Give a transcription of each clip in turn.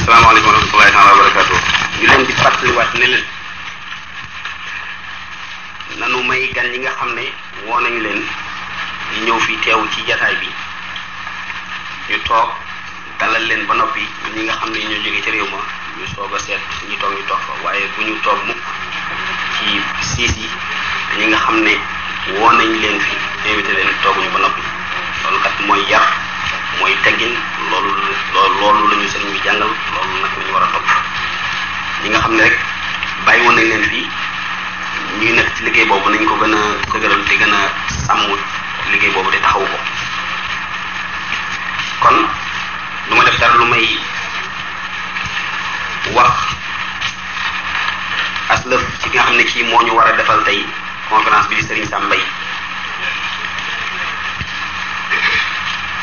salaamaaleykum wa rahmatullahi taala wa barakaatu ñu leen di fàttaliwaat ne leen nanu may gan yi nga xam ne woo nañu leen ñu ñëw fi teew ci jataay bi ñu toog dalal leen ba noppi ñi nga xam ne ñoo jógee ci réew ma ñu soog a seet ñu toog ñu toog fa waaye bu ñu toog mukk ci siis yi ñi nga xam ne woo nañ leen fi invité leen tooguñu ba noppi loolu kat mooy yar mooy teggin loolu loolu la ñu sëriñ bi jàngal loolu nag la ñu war a topp ñi nga xam ne rek bàyyi woon nañ leen fii ñuy nekk ci liggéey boobu nañ ko gën a dëgëral te gën a sàmm liggéey boobu te taxawu ko kon du ma def dara lu may wax aslëf ci nga xam ne kii moo ñu war a defal tey conférence bi sëriñ Sam mbay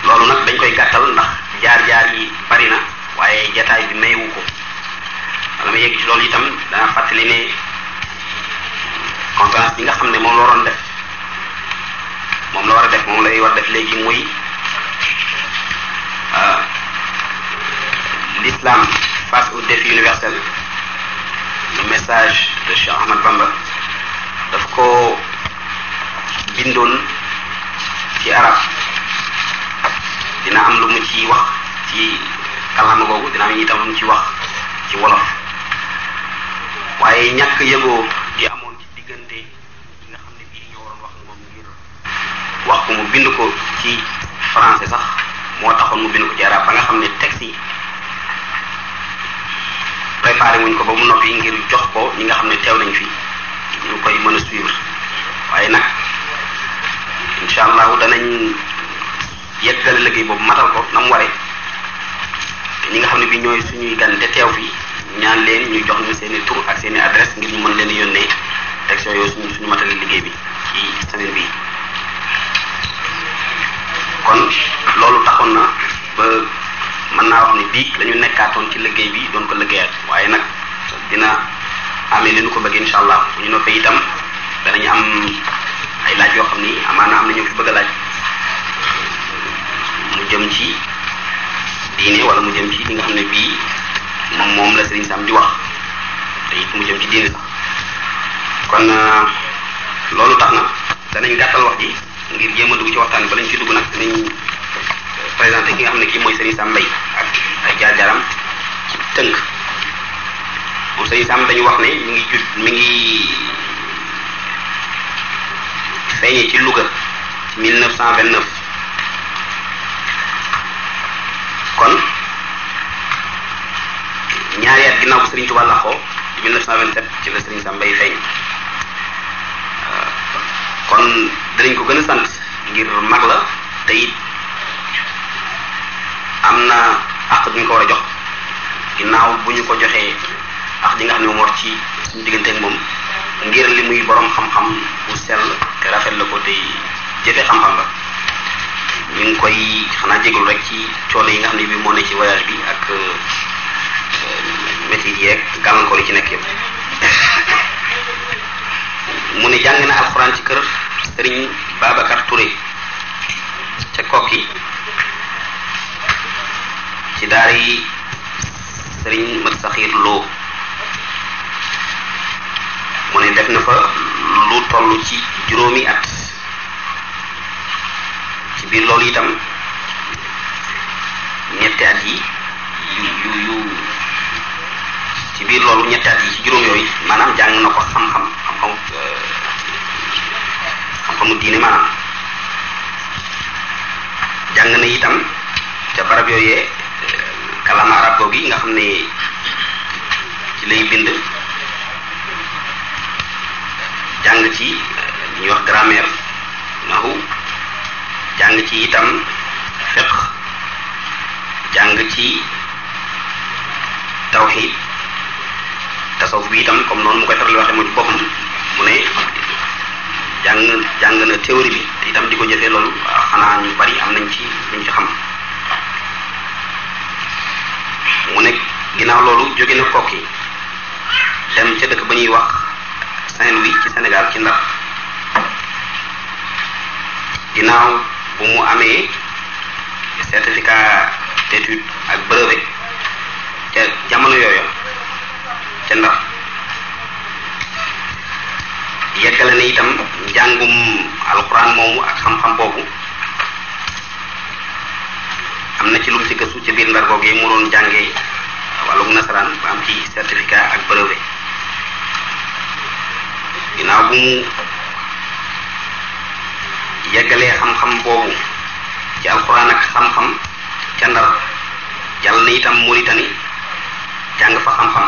loolu nag dañ koy gàttal ndax jaar-jaar yi bari waaye jataay bi mayewu ko wala ma yegg ci loolu itam dana fàttali ne conférence bi nga xam ne moom la waroon def moom la war a def moom lay war def léegi muy euh, l'islam face au défi universel le message de Cheikh Ahmad Bamba daf ko bindoon ci arab dina am lu mu ci wax ci kàllaama googu dina am itam lu ci wax ci wolof waaye ñàkk yëgoo di amoon ci diggante yi nga xam ne bii ñoo waroon wax moom ngir wax ko mu bind ko ci français sax moo taxoon mu bind ko ci arab ba nga xam ne texte yi préparé wuñ ko ba mu noppi ngir jox ko ñi nga xam ne teew nañ fii ñu koy mën a suivre waaye nag incha allahu danañ yeggale liggéey boobu matal ko nam mu waree ñi nga xam ne bi ñooy suñuy gan te teew fi ñaan leen ñu jox ñu seen i tur ak seen i ngir ñu mën leen yónnee section yooyu suñu suñu matali liggéey bi ci semaine bi kon loolu taxoon na ba mën naa wax ni bii la nekkaatoon ci liggéey bi doon ko liggéeyaat waaye nag dina amee li ñu ko bëgg incha allah bu ñu noppee itam danañu am ay laaj yoo xam ni amaana am na ñu fi bëgg a laaj jëm ci diine wala mu jëm ci li nga xam ne bii moom moom la Serigne Sam di wax te it mu jëm ci diine sax kon euh, loolu tax na danañ gàttal wax ji ngir jéem a dugg ci waxtaan ba lañ ci dugg nag danañ euh, présenté ki nga xam ne kii mooy Serigne Sam Mbaye ak ay jaar-jaaram ci tënk moom Serigne Sam dañu wax ne mi ngi jut mi ngi feeñee ci Louga ci 1929. kon ñaari at ginnaaw bu Serigne Touba laqoo di 1927 ci la Serigne Sam Mbaye feeñ euh, kon danañ ko gën a sant ngir mag la te am na àq bi ko war a jox ginnaaw bu ñu ko joxee àq ji nga xam ne moom war ci suñu diggante ak moom ngir li muy borom xam-xam bu sell te rafet la ko tey jëfe xam-xam la. ñu ngi koy xanaa jéglu rek ci coono yi nga xam ne bi moo ne ci voyage bi ak métier yi rek gàllankoor yi ci nekk yëpp mu ne jàng na alxuraan ci kër sëriñ Babacar Touré ca kokki ci daara yi sëriñ mat saxiir mu ne def na fa lu toll ci juróomi at biir loolu itam ñetti at yi yu yu yu ci biir loolu ñetti at yi ci juróom yooyu maanaam jàng na ko xam-xam xam-xamu euh, diine maanaam jàng na itam ca barab yooyee euh, kalaama arab googu nga xam ne ci lay bind jàng ci euh, ñuy wax grammaire nahu jàng ci itam fiq jàng ci tawxid tasawuf bi itam comme noonu mu koy faral di waxee mu boppam mu ne jàng jàng na théorie bi te itam di ko jëfee loolu xanaa ñu bari am nañ ci luñ ci xam mu ne ginnaaw loolu jóge na kokki dem ca dëkk ba ñuy wax Saint-Louis ci Sénégal ci Ndar ginnaaw bu mu amee certificat d'étude ak brevet ca jamono yooyu ca ndax yeggale na itam njàngum alxuraan moomu ak xam-xam boobu am na ci lu mu ci ca biir ndar googu mu doon jàngee wàllum nasaraan ba am ci certificat ak brevet ginnaaw bu mu yeggalee xam-xam boobu ci alquran ak xam-xam ca ndar jàll na itam Mauritanie jàng fa xam-xam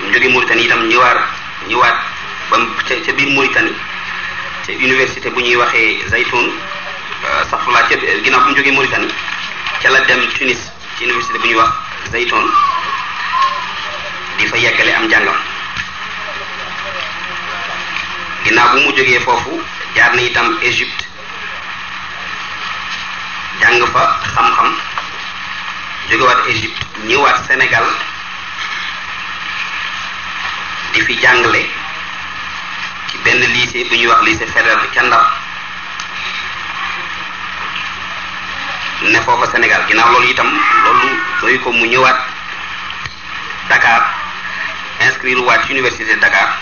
mu jóge Mauritanie itam ñëwaar ñëwaat ba ca biir Mauritanie ca université bu ñuy waxee Zaytoun euh, safla ca ginnaaw bu mu jógee Mauritanie ca la dem Tunis ci université bu ñuy wax Zaytoun di fa yeggale am jàngam ginnaaw bu mu jógee foofu jaar na itam Égypte jàng fa xam-xam jógewaat Égypte ñëwaat Sénégal di fi jàngale ci benn lycée bu ñuy wax lycée fédéral bi ca Ndar ne foofa Sénégal ginnaaw loolu itam loolu doy ko mu ñëwaat Dakar inscrire waat ci université Dakar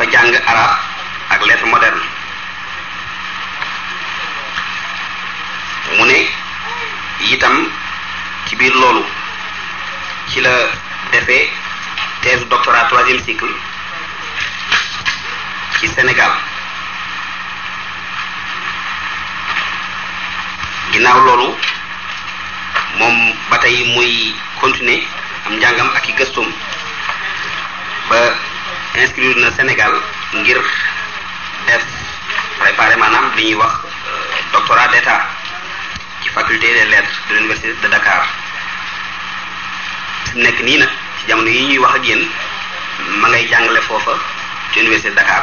fa jàng arab ak lettre moderne mu ne itam ci biir loolu ci la defee thèse doctorat troisième cycle ci senegal ginnaaw loolu moom ba tey muy continuer am njàngam ak i ba inscrire na Sénégal ngir def préparer maanaam li ñuy wax euh, doctorat d'état ci faculté des lettres de l'université de Dakar nekk nii nag ci jamono yi ñuy wax ak yéen ma ngay jàngale foofa ci université de Dakar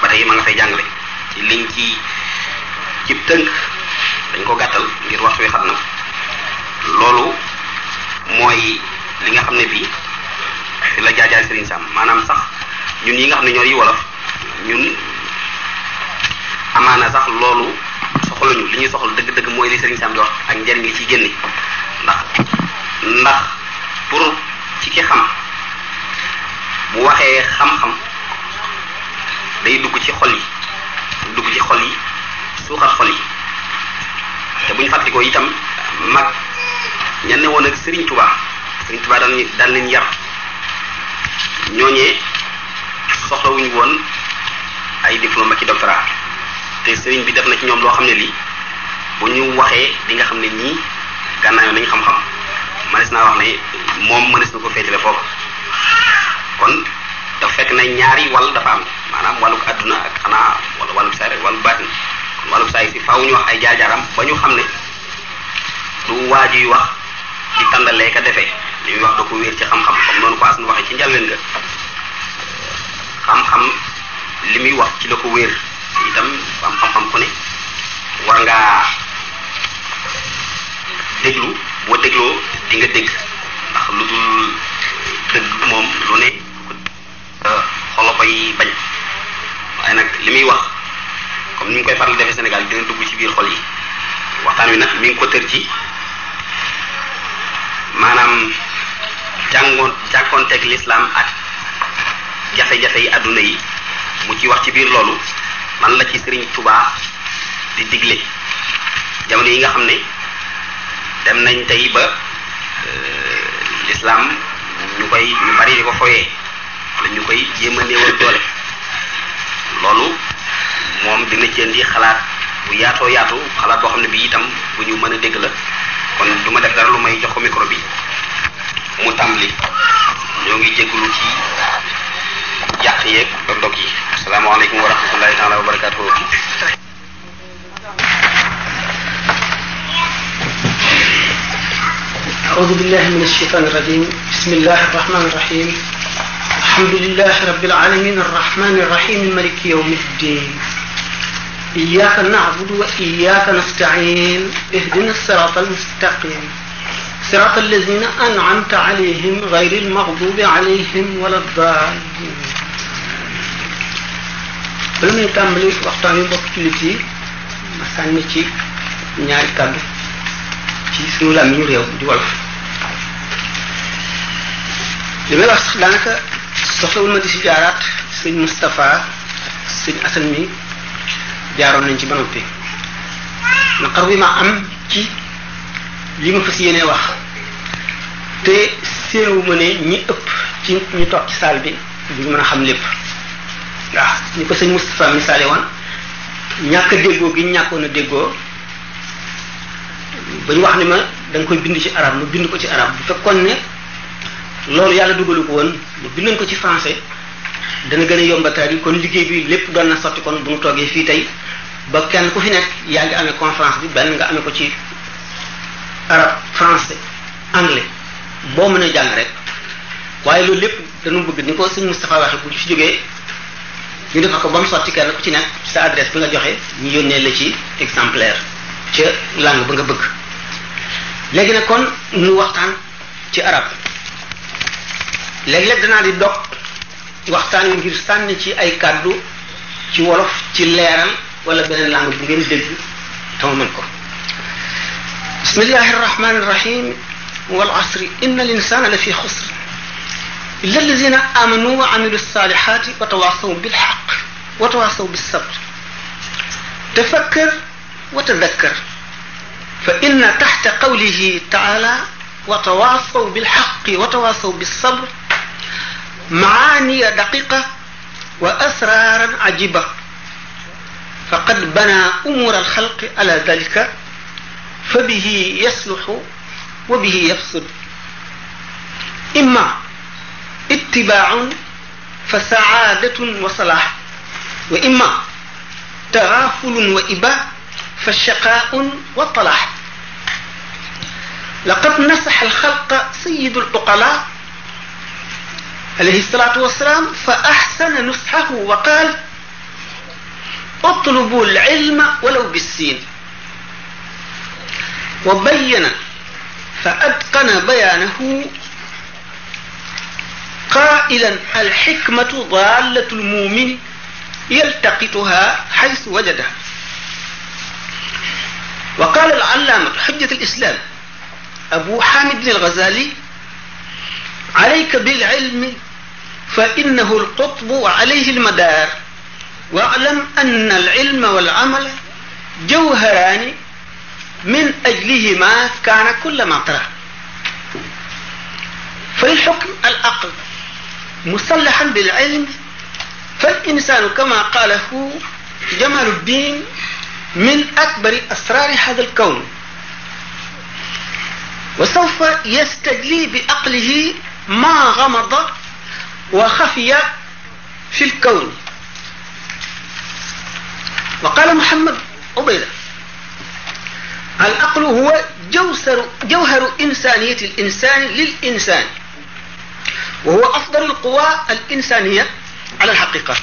ba tey ma nga fay jàngale ci liñ ci ci tënk dañ ko gàttal ngir wax wi xam na loolu mooy li nga xam ne bii la jaajaay Serigne Sam maanaam sax ñun yi nga xam ne ñooy wolof ñun amaana sax loolu soxla ñu li ñuy soxla dëgg-dëgg mooy li Serigne Sam di wax ak njariñ li ciy génne ndax ndax pour ci ki xam bu waxee xam-xam day dugg ci xol yi dugg ci xol yi suuxat xol yi te buñ ñu fàttalikoo itam mag ña ne woon ak Serigne Touba Serigne Touba daal daal leen yar ñooñee soxlawuñu woon ay diplôme ak i doctorat te sëriñ bi def na ci ñoom loo xam ne lii bu ñu waxee di nga xam ne ñii gànnaayoon nañu xam-xam mënees naa wax ne moom mënees na ko féetale foofu kon dafa fekk na ñaari wàll dafa am maanaam wàllug àdduna ak xanaa wala wàllub saa rek wàllub baatin kon wàllub saa si faaw ñu wax ay jaar-jaaram ba ñu xam ne du waaj yuy wax di tàndalee ka defee. li muy wax da ko wéer ci xam-xam comme noonu ko na waxee ci njàlleen nga xam-xam li muy wax ci la ko wér itam am xam-xam ku ne war ngaa déglu boo dégloo di nga dégg ndax lu dul dëgg moom lu ne xolo koy bañ waaye nag li muy wax comme ni mu koy faral defee Sénégal dina dugg ci biir xol yi waxtaan wi nag mi ngi ko tër ci maanaam jàngoon jànkoonteeg lislaam ak jafe-jafe yi àdduna yi mu ci wax ci biir loolu man la ci Sëriñ Tuubaa di digle jamono yi nga xam ne dem nañ tey ba euh, lislaam ñu koy ñu bari di ko foyee wala ñu koy jéem a néewal doole loolu moom dina ci indi xalaat bu yaatoo yaatu xalaat boo xam ne bii itam bu ñu mën a dégg la kon duma ma def dara lu may jox ko micro mu tamli ñoo ngi jégalu ci yàq yeeg dog dog yi asalaamaaleykum wa rahmatullahi taala wa barakatuhu أعوذ بالله من الشيطان الرجيم بسم الله الرحمن الرحيم الحمد لله رب العالمين الرحمن الرحيم ملك يوم الدين إياك نعبد وإياك نستعين اهدنا الصراط المستقيم صراط الذين أنعمت عليهم غير المغضوب عليهم ولا الضالين بل من أنا وقتها من أنا تلتي مثلا أنا نعي كاب أنا سنو لامين أنا دي والف أنا لا سخلانك أنا المدسي جارات أنا مصطفى سيد أسلمي جارون أنا بنوتي نقربي ما أم أ yi ma fas yéenee wax te séewu ma ne ñi ëpp ci ñu toog ci saal bi duñu mën a xam lépp waa ni ko sëñ Moustapha misaale woon ñàkk déggoo gi ñàkkoon a déggoo ba ñu wax ni ma da koy bind ci arab mu bind ko ci arab bu fekkoon ne loolu yàlla dugalu ko woon ma bindoon ko ci français dana gën a yombataat yi kon liggéey bi lépp doon na sotti kon bu mu toogee fii tey ba kenn ku fi nekk yaa ngi amee conférence bi benn nga amee ko ci arab français anglais bo mëna jang rek waye lu lepp dañu bëgg ni ko seigne mustapha waxe bu fi joggé ñu def ko bam soti kenn ku ci nek sa adresse bi nga joxe ñu la ci exemplaire ci langue ba nga bëgg légui nak kon ñu waxtaan ci arab leg leg dana di dok, waxtaan ngir sànni ci ay kàddu ci wolof ci wala beneen langue bu ngeen dégg ko بسم الله الرحمن الرحيم والعصر إن الإنسان لفي خسر إلا الذين آمنوا وعملوا الصالحات وتواصوا بالحق وتواصوا بالصبر تفكر وتذكر فإن تحت قوله تعالى وتواصوا بالحق وتواصوا بالصبر معاني دقيقة وأسرارا عجيبة فقد بنى أمور الخلق على ذلك فبه يصلح وبه يفسد إما اتباع فسعادة وصلاح وإما تغافل وإباء فشقاء وطلاح لقد نصح الخلق سيد العقلاء عليه الصلاة والسلام فأحسن نصحه وقال اطلبوا العلم ولو بالسين وبين فأتقن بيانه قائلا الحكمة ضالة المؤمن يلتقطها حيث وجدها وقال العلامة حجة الإسلام أبو حامد الغزالي عليك بالعلم فإنه القطب وعليه المدار واعلم أن العلم والعمل جوهران من أجلهما كان كل ما طرأ فالحكم العقل مصلحا بالعلم فالإنسان كما قاله جمال الدين من أكبر أسرار هذا الكون وسوف يستجلي بعقله ما غمض وخفي في الكون وقال محمد عبيده العقل هو جوسر جوهر إنسانية الإنسان للإنسان وهو أفضل القوى الإنسانية على الحقيقة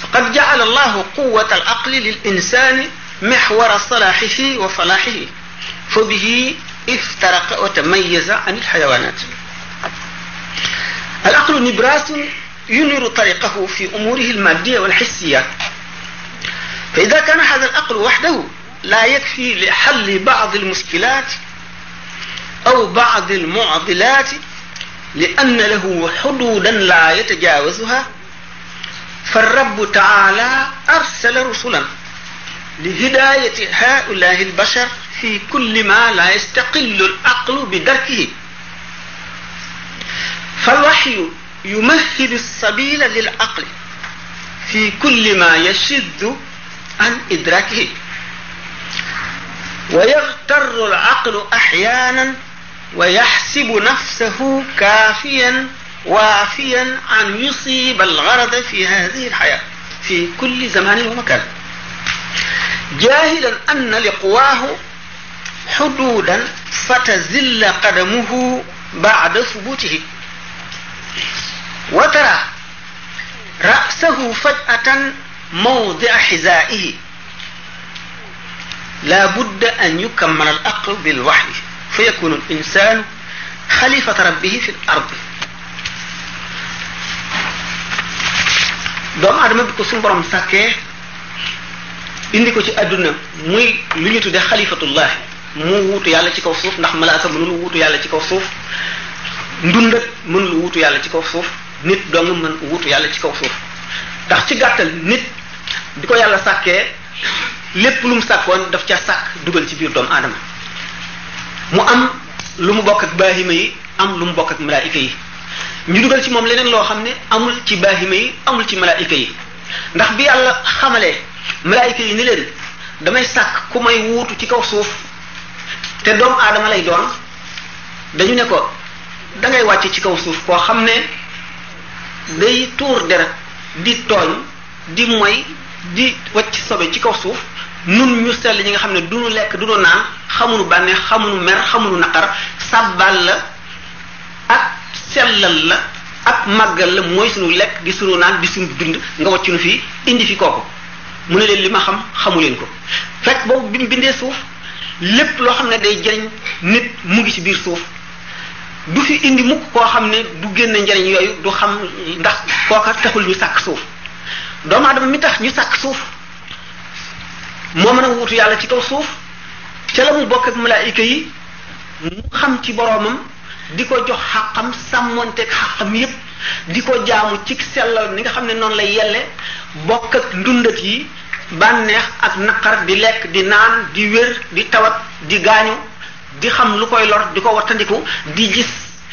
فقد جعل الله قوة العقل للإنسان محور صلاحه وفلاحه فبه افترق وتميز عن الحيوانات العقل نبراس ينير طريقه في أموره المادية والحسية فإذا كان هذا العقل وحده لا يكفي لحل بعض المشكلات أو بعض المعضلات لأن له حدودا لا يتجاوزها فالرب تعالى أرسل رسلا لهداية هؤلاء البشر في كل ما لا يستقل العقل بدركه فالوحي يمهد السبيل للعقل في كل ما يشد عن إدراكه ويغتر العقل أحيانا ويحسب نفسه كافيا وافيا أن يصيب الغرض في هذه الحياة في كل زمان ومكان جاهلا أن لقواه حدودا فتزل قدمه بعد ثبوته وترى رأسه فجأة موضع حذائه لا بد أن يكمل الأقل بالوحي فيكون الإنسان خليفة ربه في الأرض دوم آدم بكو سون بروم ساكي اندي كو سي ادنا موي لي ني تودي خليفه الله مو ووتو يالا سي كو سوف نخ ملائكه منو ووتو يالا سي كو سوف ندوند منو ووتو يالا سي كو سوف نيت دوم من ووتو يالا سي كو سوف داخ سي غاتال نيت ديكو يالا ساكي lépp lu mu sàkkoon daf ca sàkk dugal ci biir doomu aadama mu am lu mu bokk ak baahima yi am lu mu bokk ak malaayika yi ñu dugal ci moom leneen loo xam ne amul ci baahima yi amul ci malaayika yi ndax bi yàlla xamalee malaayika yi ni leen damay sàkk ku may wuutu ci kaw suuf te doomu aadama lay doon dañu ne ko dangay wàcc ci kaw suuf koo xam ne day tuur deret di tooñ di moy di wacc sobe ci kaw suuf nun ñu sell ñi nga xam ne du nu lekk du nu naan xamunu bànneex xamunu mer xamunu naqar sàbbal la ak sellal la ak màggal la mooy sunu lekk di sunu naan di sunu dund nga wàcc nu fii indi fi kooku mu ne leen li ma xam xamu leen ko fekk boobu bi bindee suuf lépp loo xam ne day jëriñ nit mu ngi ci biir suuf du fi indi mukk koo xam ne du génne njariñ yooyu du xam ndax kooka taxul ñu sàkk suuf doomu aadama mi tax ñu sàkk suuf moo mën a wuutu yàlla ci kaw suuf ca la mu bokk ak malaayika yi mu xam ci boroomam di ko jox xaqam sàmmonteeg xaqam yépp di ko jaamu ci sellal ni nga xam ne noonu lay yelle bokk ak ndundat yi bànneex ak naqar di lekk di naan di wér di tawat di gaañu di xam lu koy lor di ko wattandiku di gis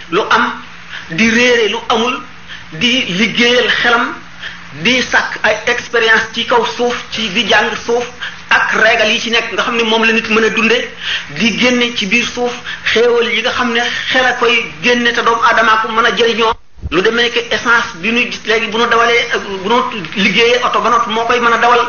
lu am di réere lu amul di liggéeyal xelam di sàkk ay expérience ci kaw suuf ci di jàng suuf ak régal yi ci nek nga xamni mom la nit meuna dunde di génne ci biir suuf xéewal yi nga xam ne koy génne ta doom aadama ko meuna jëriño lu démé ke essence bi nu gis légui bu nu dawalé bu nu liggéey auto ba not mo koy meuna dawal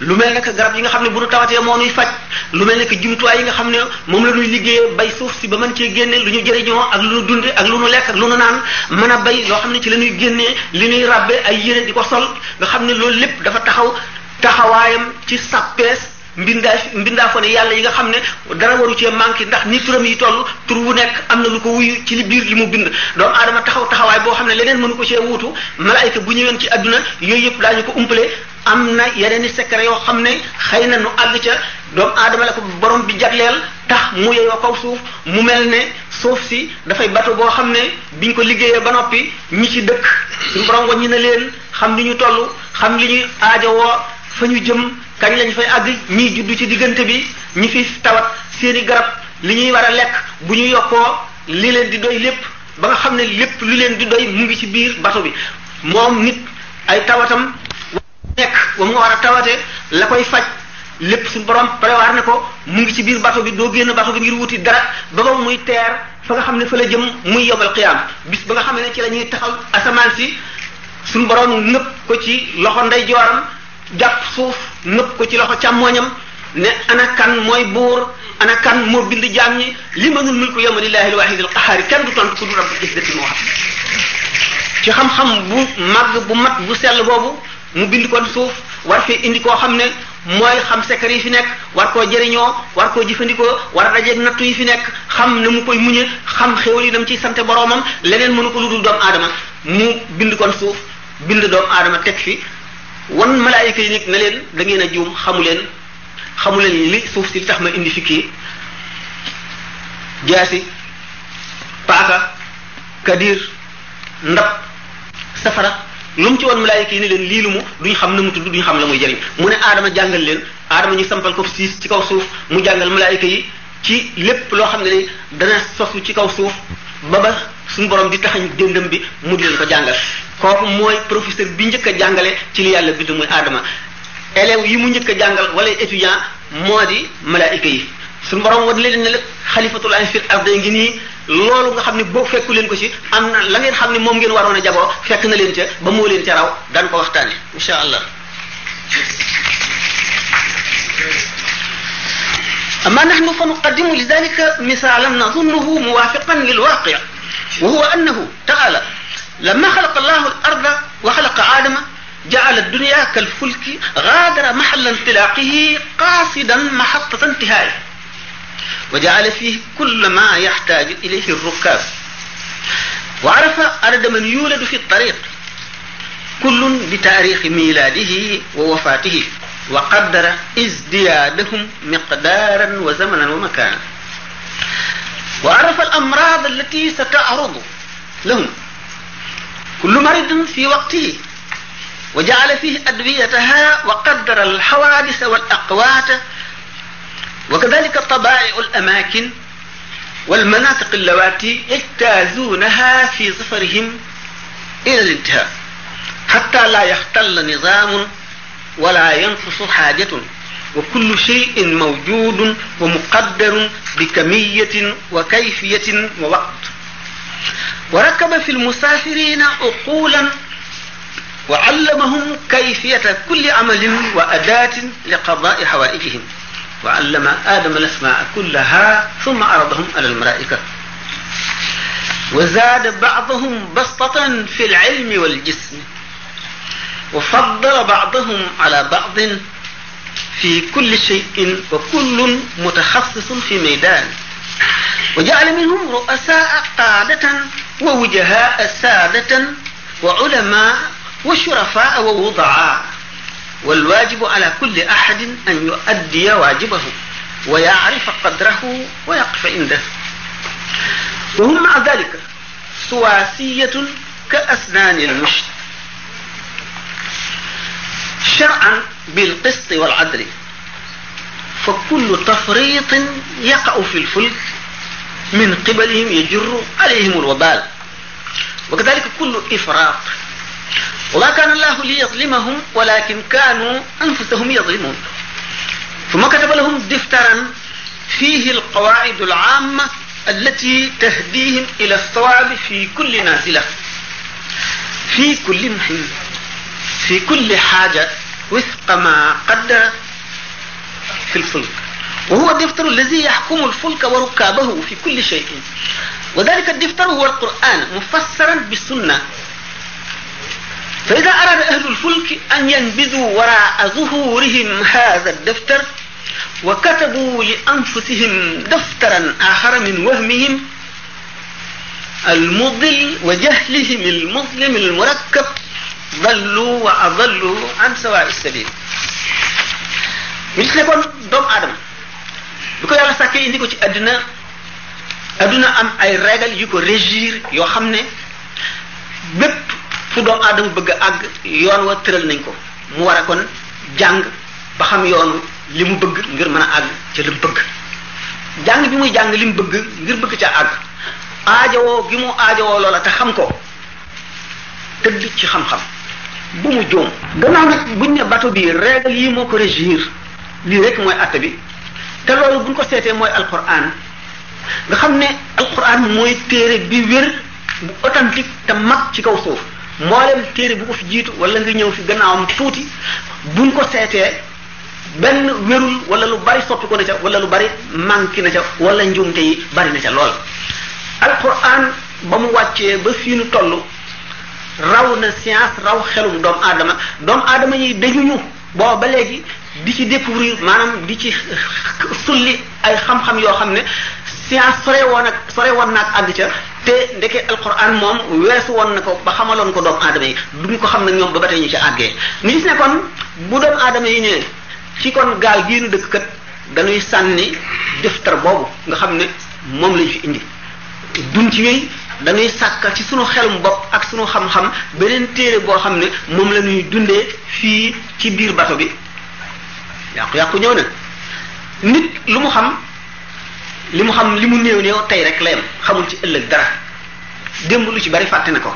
lu mel ne garab yi nga xam bu nu tawaté mo nuy fajj lu mel ne que jumtuwaay yi nga xam mom la nuy liggéey bay suuf ci ba man ci génne lu ñu jëriño ak lu nu dunde ak lu nu lekk ak lu nu naan meuna bay lo xam ci la ñuy génné li nuy ràbbe ay yére diko sol nga xam ne loolu lépp dafa taxaw taxawaayam ci sappees mbindaa mbindaa fa ne yàlla yi nga xam ne dara waru cee manqué ndax ni turam yi toll tur wu nekk am na lu ko wuyu ci li biir li mu bind doomu aadama taxaw taxawaay boo xam ne leneen mënu ko cee wuutu malaayka bu ñëween ci àdduna yooyu yëpp daañu ko umpale am na yeneen i yoo xam ne xëy na nu àgg ca doomu aadama la ko borom bi jagleel tax mu yeyoo kaw suuf mu mel ne suuf si dafay bato boo xam ne biñ ko liggéeyee ba noppi ñi ci dëkk suñu borom waññi na leen xam li ñu toll xam li ñuy aajowoo fa ñu jëm kañ lañ fa àgg ñiy juddu ci diggante bi ñi fi tawat seeni garab li ñuy war a lekk bu ñu yokkoo li leen di doy lépp ba nga xam ne lépp lu leen di doy mu ngi ci biir bato bi moom nit ay tawatam nekk mu nga war a tawate la koy faj lépp suñu borom prévoir ne ko mu ngi ci biir bato bi doo génn bato bi ngir wuti dara ba ba muy teer fa nga xam ne fa la jëm muy yomal xiyaam bis ba nga xam ne ci lañuy taxaw asamaan si suñu borom nëpp ko ci loxo ndey jooram jàpp suuf nëpp ko ci loxo càmmooñam ne ana kan mooy buur ana kan moo bind jaam ñi li mënul mulku yawma lillahi alwahid alqahari kenn du tontu ku du rabbul izzati moo xam ci xam-xam bu màgg bu mat bu sell boobu mu bind kon suuf war indi koo xam ne mooy xam secret yi fi nekk war koo jëriñoo war koo jëfandikoo war a dajeeg nattu yi fi nekk xam na mu koy muñe xam xéwal yi dem ci sante boroomam leneen mënu ko lu dul doomu adama mu bind koon suuf bind doomu aadama teg fi wan malaayika yi nit ne leen da a juum xamu leen xamu leen li suuf si li tax ma indi fikki jaasi paaka kadir ndab safara lu mu ci woon malaayika yi ni leen lii lu mu duñ xam na mu tudd duñ xam la muy jariñ mu ne aadama jàngal leen aadama ñu sampal ko siis ci kaw suuf mu jàngal malaayika yi ci lépp loo xam ne ni dana sosu ci kaw suuf ba ba suñu borom di taxañ déndam bi mu di leen ko jàngal kooku mooy professeur bi njëkk a jàngale ci li yàlla bind muy aadama élève yi mu njëkk a jàngal wala étudiant moo di malaayika yi suñ borom wan leen ne la xalifatulahi fil ardi ngi nii loolu nga xam ne boo fekku leen ko ci am na la ngeen xam ne moom ngeen waroon a jagoo fekk na leen ca ba moo leen ca raw daan ko waxtaane insha allah أما نحن فنقدم لذلك مثالا نظنه موافقا للواقع وهو أنه تعالى لما خلق الله الأرض وخلق آدم جعل الدنيا كالفلك غادر محل انطلاقه قاصدا محطة انتهائه وجعل فيه كل ما يحتاج إليه الركاب وعرف أرد من يولد في الطريق كل بتاريخ ميلاده ووفاته وقدر ازديادهم مقدارا وزمنا ومكانا وعرف الأمراض التي ستعرض لهم كل مريض في وقته وجعل فيه أدويتها وقدر الحوادث والأقوات وكذلك طبائع الأماكن والمناطق اللواتي يجتازونها في سفرهم إلى الانتهاء حتى لا يختل نظام ولا ينقص حاجة وكل شيء موجود ومقدر بكمية وكيفية ووقت وركب في المسافرين عقولا وعلمهم كيفية كل عمل وأداة لقضاء حوائجهم وعلم آدم الأسماء كلها ثم عرضهم على الملائكة وزاد بعضهم بسطة في العلم والجسم وفضل بعضهم على بعض في كل شيء وكل متخصص في ميدانه وجعل منهم رؤساء قادة ووجهاء سادة وعلماء وشرفاء ووضعاء والواجب على كل أحد أن يؤدي واجبه ويعرف قدره ويقف عنده وهم مع ذلك سواسية كأسنان المشت شرعا بالقسط والعدل فكل تفريط يقع في الفلك من قبلهم يجر عليهم الوبال وكذلك كل إفراط وما كان الله ليظلمهم ولكن كانوا أنفسهم يظلمون ثم كتب لهم دفترا فيه القواعد العامة التي تهديهم إلى الصواب في كل نازلة في كل محل في كل حاجة وفق ما قدر في الفلك وهو الدفتر الذي يحكم الفلك وركابه في كل شيء وذلك الدفتر هو القرآن مفسرا بالسنة فإذا أراد أهل الفلك أن ينبذوا وراء ظهورهم هذا الدفتر وكتبوا لأنفسهم دفترا آخر من وهمهم المضل وجهلهم المظلم المركب ضلوا وأضلوا عن سواء السبيل ñu gis ne kon doomu aadama bi ko yàlla sàkkee indi ko ci adduna adduna am ay règle yu ko régir yoo xam ne bépp fu doomu aadama bëgg a yoon wa tëral nañ ko mu war a kon jàng ba xam yoonu li mu bëgg ngir mën a àgg ci li mu bëgg jàng bi muy jàng li mu bëgg ngir bëgg ca àgg aajowoo gi mu aajowoo loola te xam ko tëdd ci xam-xam bu mu joom gannaaw nag buñ ne bato bi règle yi moo ko régir lii rek mooy àtte bi te loolu buñ ko seetee mooy alquran nga xam ne alquran mooy téere bi wér bu authentique te mag ci kaw suuf mboolem téere bu ko fi jiitu wala nga ñëw fi gannaawam tuuti buñ ko seetee benn wérul walla lu bari soppi ko na ca wala lu bari manqué na ca wala njuumte yi bari na ca lool alquran ba mu wàccee ba fii nu toll raw na science raw xelum doomu aadama doomu aadama yi dañuñu boo ba léegi di ci découvrir maanaam di ci sulli ay xam-xam yoo xam ne science sore woon ak sore woon na ak àgg ca te ndeke alquran moom weesu woon na ko ba xamaloon ko doomu aadama yi duñ ko xam nag ñoom ba ba tey ci àggee ñu gis ne kon bu aadama yi ñëwee ci kon gaal gii nu dëkk kat dañuy sànni deftar boobu nga xam ne moom lañ fi indi duñ ci wéy dañuy sàkkal ci sunu xelum bopp ak sunu xam-xam beneen téere boo xam ne moom la ñuy dundee fii ci biir bato bi yàqu-yàqu ñëw na nit lu mu xam li mu xam li mu néew néew tey rek la yam xamul ci ëllëg dara démb lu ci bari fàtte na ko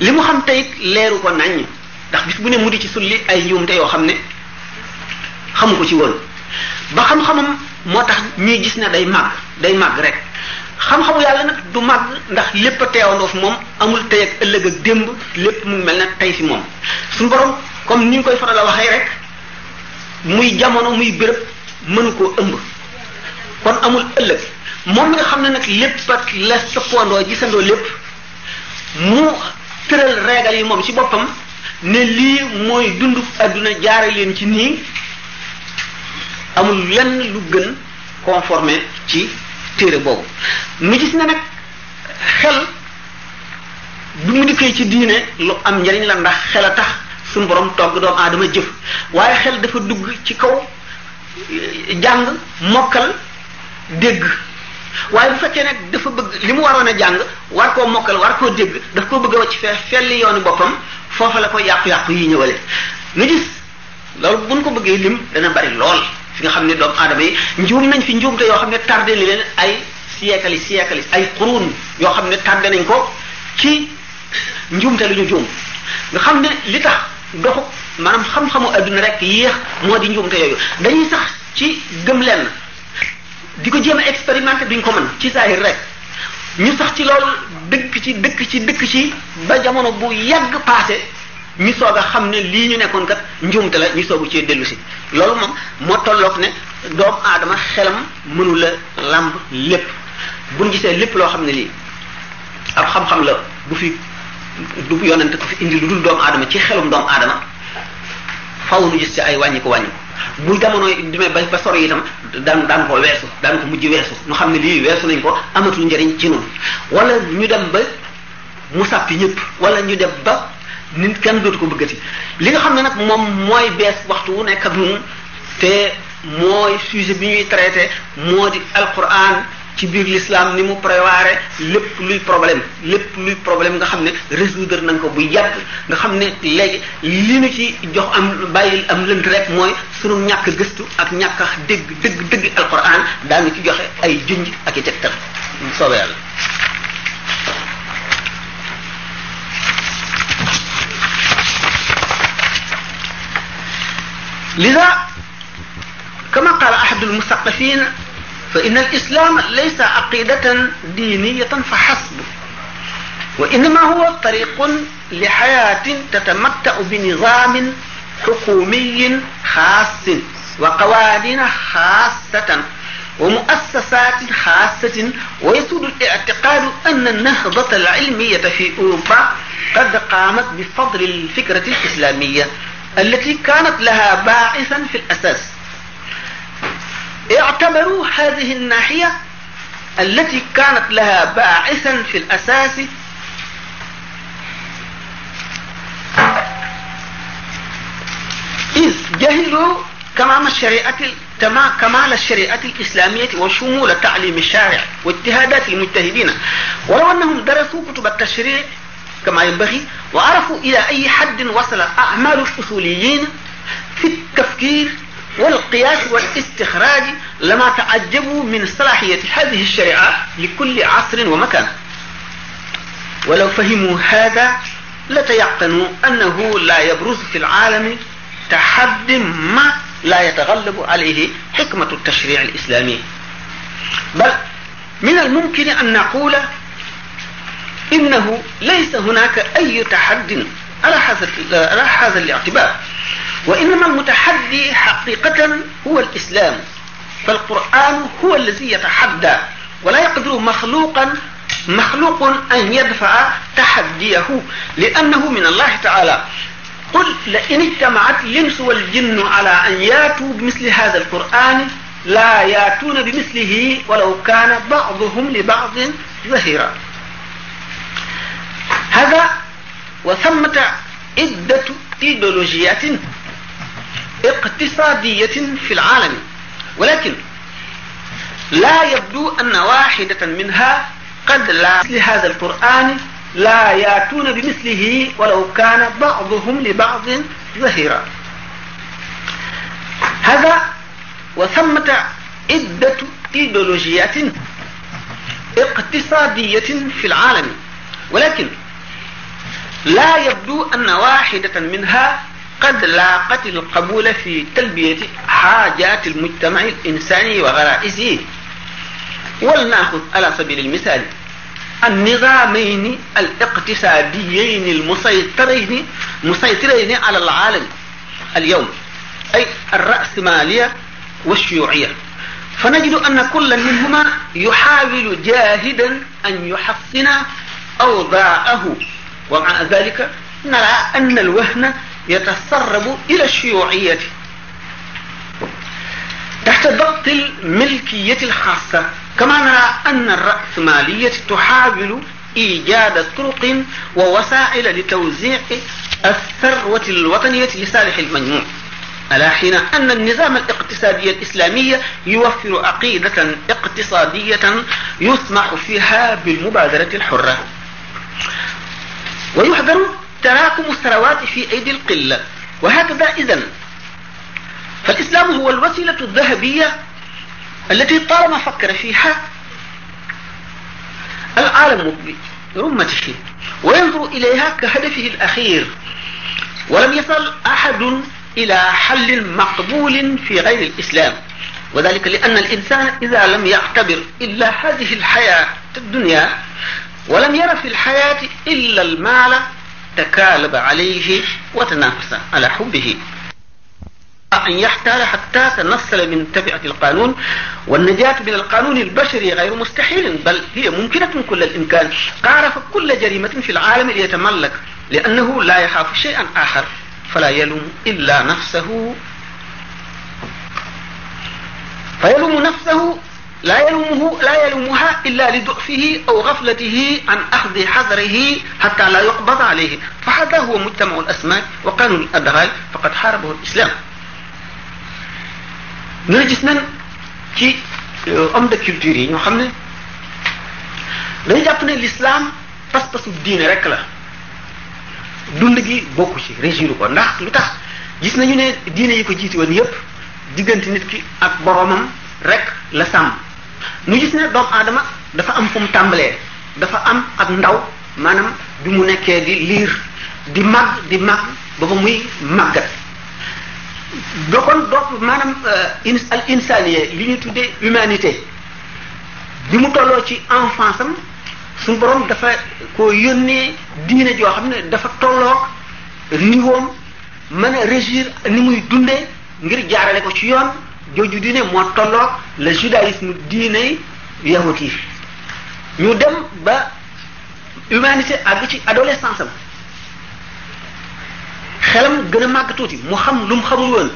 li mu xam tey leeru ko naññ ndax bis bu ne mu di ci sulli ay njuumte yoo xam ne xamu ko ci woon ba xam-xamam moo tax ñuy gis ne day màgg day màgg rek xam-xamu yàlla nag du màgg ndax lépp a teewandoo fi moom amul tey ak ëllëg ak démb lépp mu mel na tey fi moom su borom comme ni ñu koy faral a waxee rek muy jamono muy bërëb mënu koo ëmb kon amul ëllëg moom mi nga xam ne nag lépp ak la sëppandoo gisandoo lépp mu tëral reegal yi moom ci boppam ne lii mooy dund àdduna jaare leen ci nii amul lenn lu gën conformé ci téere boobu mu gis ne nag xel mu mu dikkee ci diine lu am njariñ la ndax xel a tax suñu borom togg doomu aadama jëf waaye xel dafa dugg ci kaw eh, jàng mokkal dégg waaye bu fekkee nag dafa bëgg li mu waroon a jàng war koo mokkal war koo dégg daf koo bëgg a ci fee fel yoonu boppam foofa la ko yàqu-yàqu yi ñëwale nga loolu buñ ko bëggee lim dana bari lool fi nga xam ne doomu aadama yi njuum nañ fi njuumte yoo xam ne tardé li leen ay siyeekali siyeekali ay xuruun yoo xam ne tardé nañ ko ci njuumte lu ñu juum nga xam ne li tax doxu maanaam xam-xamu adduna rek yéex moo di njuumte yooyu dañuy sax ci gëm lenn di ko jéem a expérimenter duñ ko mën ci zahir rek ñu sax ci loolu dëkk ci dëkk ci dëkk ci ba jamono bu yàgg passé ñu soog xam ne lii ñu nekkoon kat njuumte la ñu soogu cee dellu si loolu moom moo tolloog ne doomu aadama xelam mënu la làmb lépp buñ gisee lépp loo xam ne lii ab xam-xam la bu fi du yonent ko fi indi lu dul doomu aadama ci xelum doomu aadama faaw nu gis ci ay wàññi ko wàññi bu jamono demee ba ba sori itam daan daan ko weesu daan ko mujj weesu ñu xam ne lii weesu nañ ko amatu njariñ ci noonu wala ñu dem ba mu sàppi ñëpp walla ñu dem ba nit kenn dootu ko bëggati li nga xam ne nag moom mooy bees waxtu wu nekk ak ñun te mooy sujet bi ñuy traité moo di alquran ci biir l'islam ni mu prévoir lépp luy problème lépp luy problème nga xam ne résoudre nañ ko bu yàgg nga xam ne léegi li nu ci jox am bàyyi am lënd rek mooy sunu ñàkk gëstu ak ñàkk dégg dégg dégg alquran daanu ci joxe ay junj ak i tegtal soobee yàlla lisa kama qala ahadul mustaqafina فإن الإسلام ليس عقيدة دينية فحسب وإنما هو طريق لحياة تتمتع بنظام حكومي خاص وقوانين خاصة ومؤسسات خاصة ويسود الاعتقاد أن النهضة العلمية في أوروبا قد قامت بفضل الفكرة الإسلامية التي كانت لها باعثا في الأساس اعتبروا هذه الناحية التي كانت لها باعثا في الأساس إذ جهلوا كمال الشريعة كمال الشريعة الإسلامية وشمول تعليم الشارع واجتهادات المجتهدين ولو أنهم درسوا كتب التشريع كما ينبغي وعرفوا إلى أي حد وصل أعمال الأصوليين في التفكير والقياس والاستخراج لما تعجبوا من صلاحية هذه الشريعة لكل عصر ومكان ولو فهموا هذا لتيقنوا أنه لا يبرز في العالم تحد ما لا يتغلب عليه حكمة التشريع الإسلامي بل من الممكن أن نقول إنه ليس هناك أي تحد على هذا على هذا الاعتبار وإنما المتحدي حقيقة هو الإسلام فالقرآن هو الذي يتحدى ولا يقدر مخلوقا مخلوق أن يدفع تحديه لأنه من الله تعالى قل لئن اجتمعت الإنس والجن على أن ياتوا بمثل هذا القرآن لا ياتون بمثله ولو كان بعضهم لبعض ظهيرا هذا وثمة عدة إيديولوجيات اقتصادية في العالم ولكن لا يبدو أن واحدة منها قد لا مثل هذا القرآن لا ياتون بمثله ولو كان بعضهم لبعض ظهيرا هذا وثمة عدة ايديولوجيات اقتصادية في العالم ولكن لا يبدو أن واحدة منها قد لاقت القبول في تلبية حاجات المجتمع الإنساني وغرائزه ولنأخذ على سبيل المثال النظامين الاقتصاديين المسيطرين مسيطرين على العالم اليوم أي الرأسمالية والشيوعية فنجد أن كل منهما يحاول جاهدا أن يحسن أوضاعه ومع ذلك نرى أن الوهن يتسرب إلى الشيوعية تحت ضغط الملكية الخاصة كما نرى أن الرأسمالية تحاول إيجاد طرق ووسائل لتوزيع الثروة الوطنية لصالح المجموع على حين أن النظام الاقتصادي الإسلامي يوفر عقيدة اقتصادية يسمح فيها بالمبادرة الحرة ويحذر تراكم الثروات في أيدي القلة وهكذا إذا فالإسلام هو الوسيلة الذهبية التي طالما فكر فيها العالم برمته وينظر إليها كهدفه الأخير ولم يصل أحد إلى حل مقبول في غير الإسلام وذلك لأن الإنسان إذا لم يعتبر إلا هذه الحياة الدنيا ولم ير في الحياة إلا المال تكالب عليه وتنافس على حبه أن يحتال حتى تنصل من تبعة القانون والنجاة من القانون البشري غير مستحيل بل هي ممكنة كل الإمكان قارف كل جريمة في العالم ليتملك لأنه لا يخاف شيئا آخر فلا يلوم إلا نفسه فيلوم نفسه laa yalumuhu laa yalumuha illa li dufihi aw gaflatihi an axdi xadarihi xata laa yuqbad alayhi fa hada huwa mujtamacu alasmaak wa qanuni adral faqad xaarabahu alislaam ñu ne gis nañ ci homme de culture yi ñoo xam ne dañu jàpp ne l'islam pas-pasu diine rek la dund gi bokku ci régiru ko ndax lu tax gis nañu ne diine yi ko jiiti woon yépp diggante nit ki ak boroomam rek la sàmm nu gis ne doomu aadama dafa am fu mu tàmbalee dafa am ak ndaw maanaam bi mu nekkee di liir di màgg di màgg ba ba muy màggat do kon dopp maanaam euh, al insaniye li ñu tuddee humanité bi mu tolloo ci enfance am suñu borom dafa ko yónnee diine joo xam ne dafa tolloo niveau am a régir ni muy dundee ngir jaarale ko ci yoon jooju diine moo tolloog le judaïsme diine yahut yi ñu dem ba humanité àgg ci adolescence am xelam gën a màgg tuuti mu xam lum mu xamul woon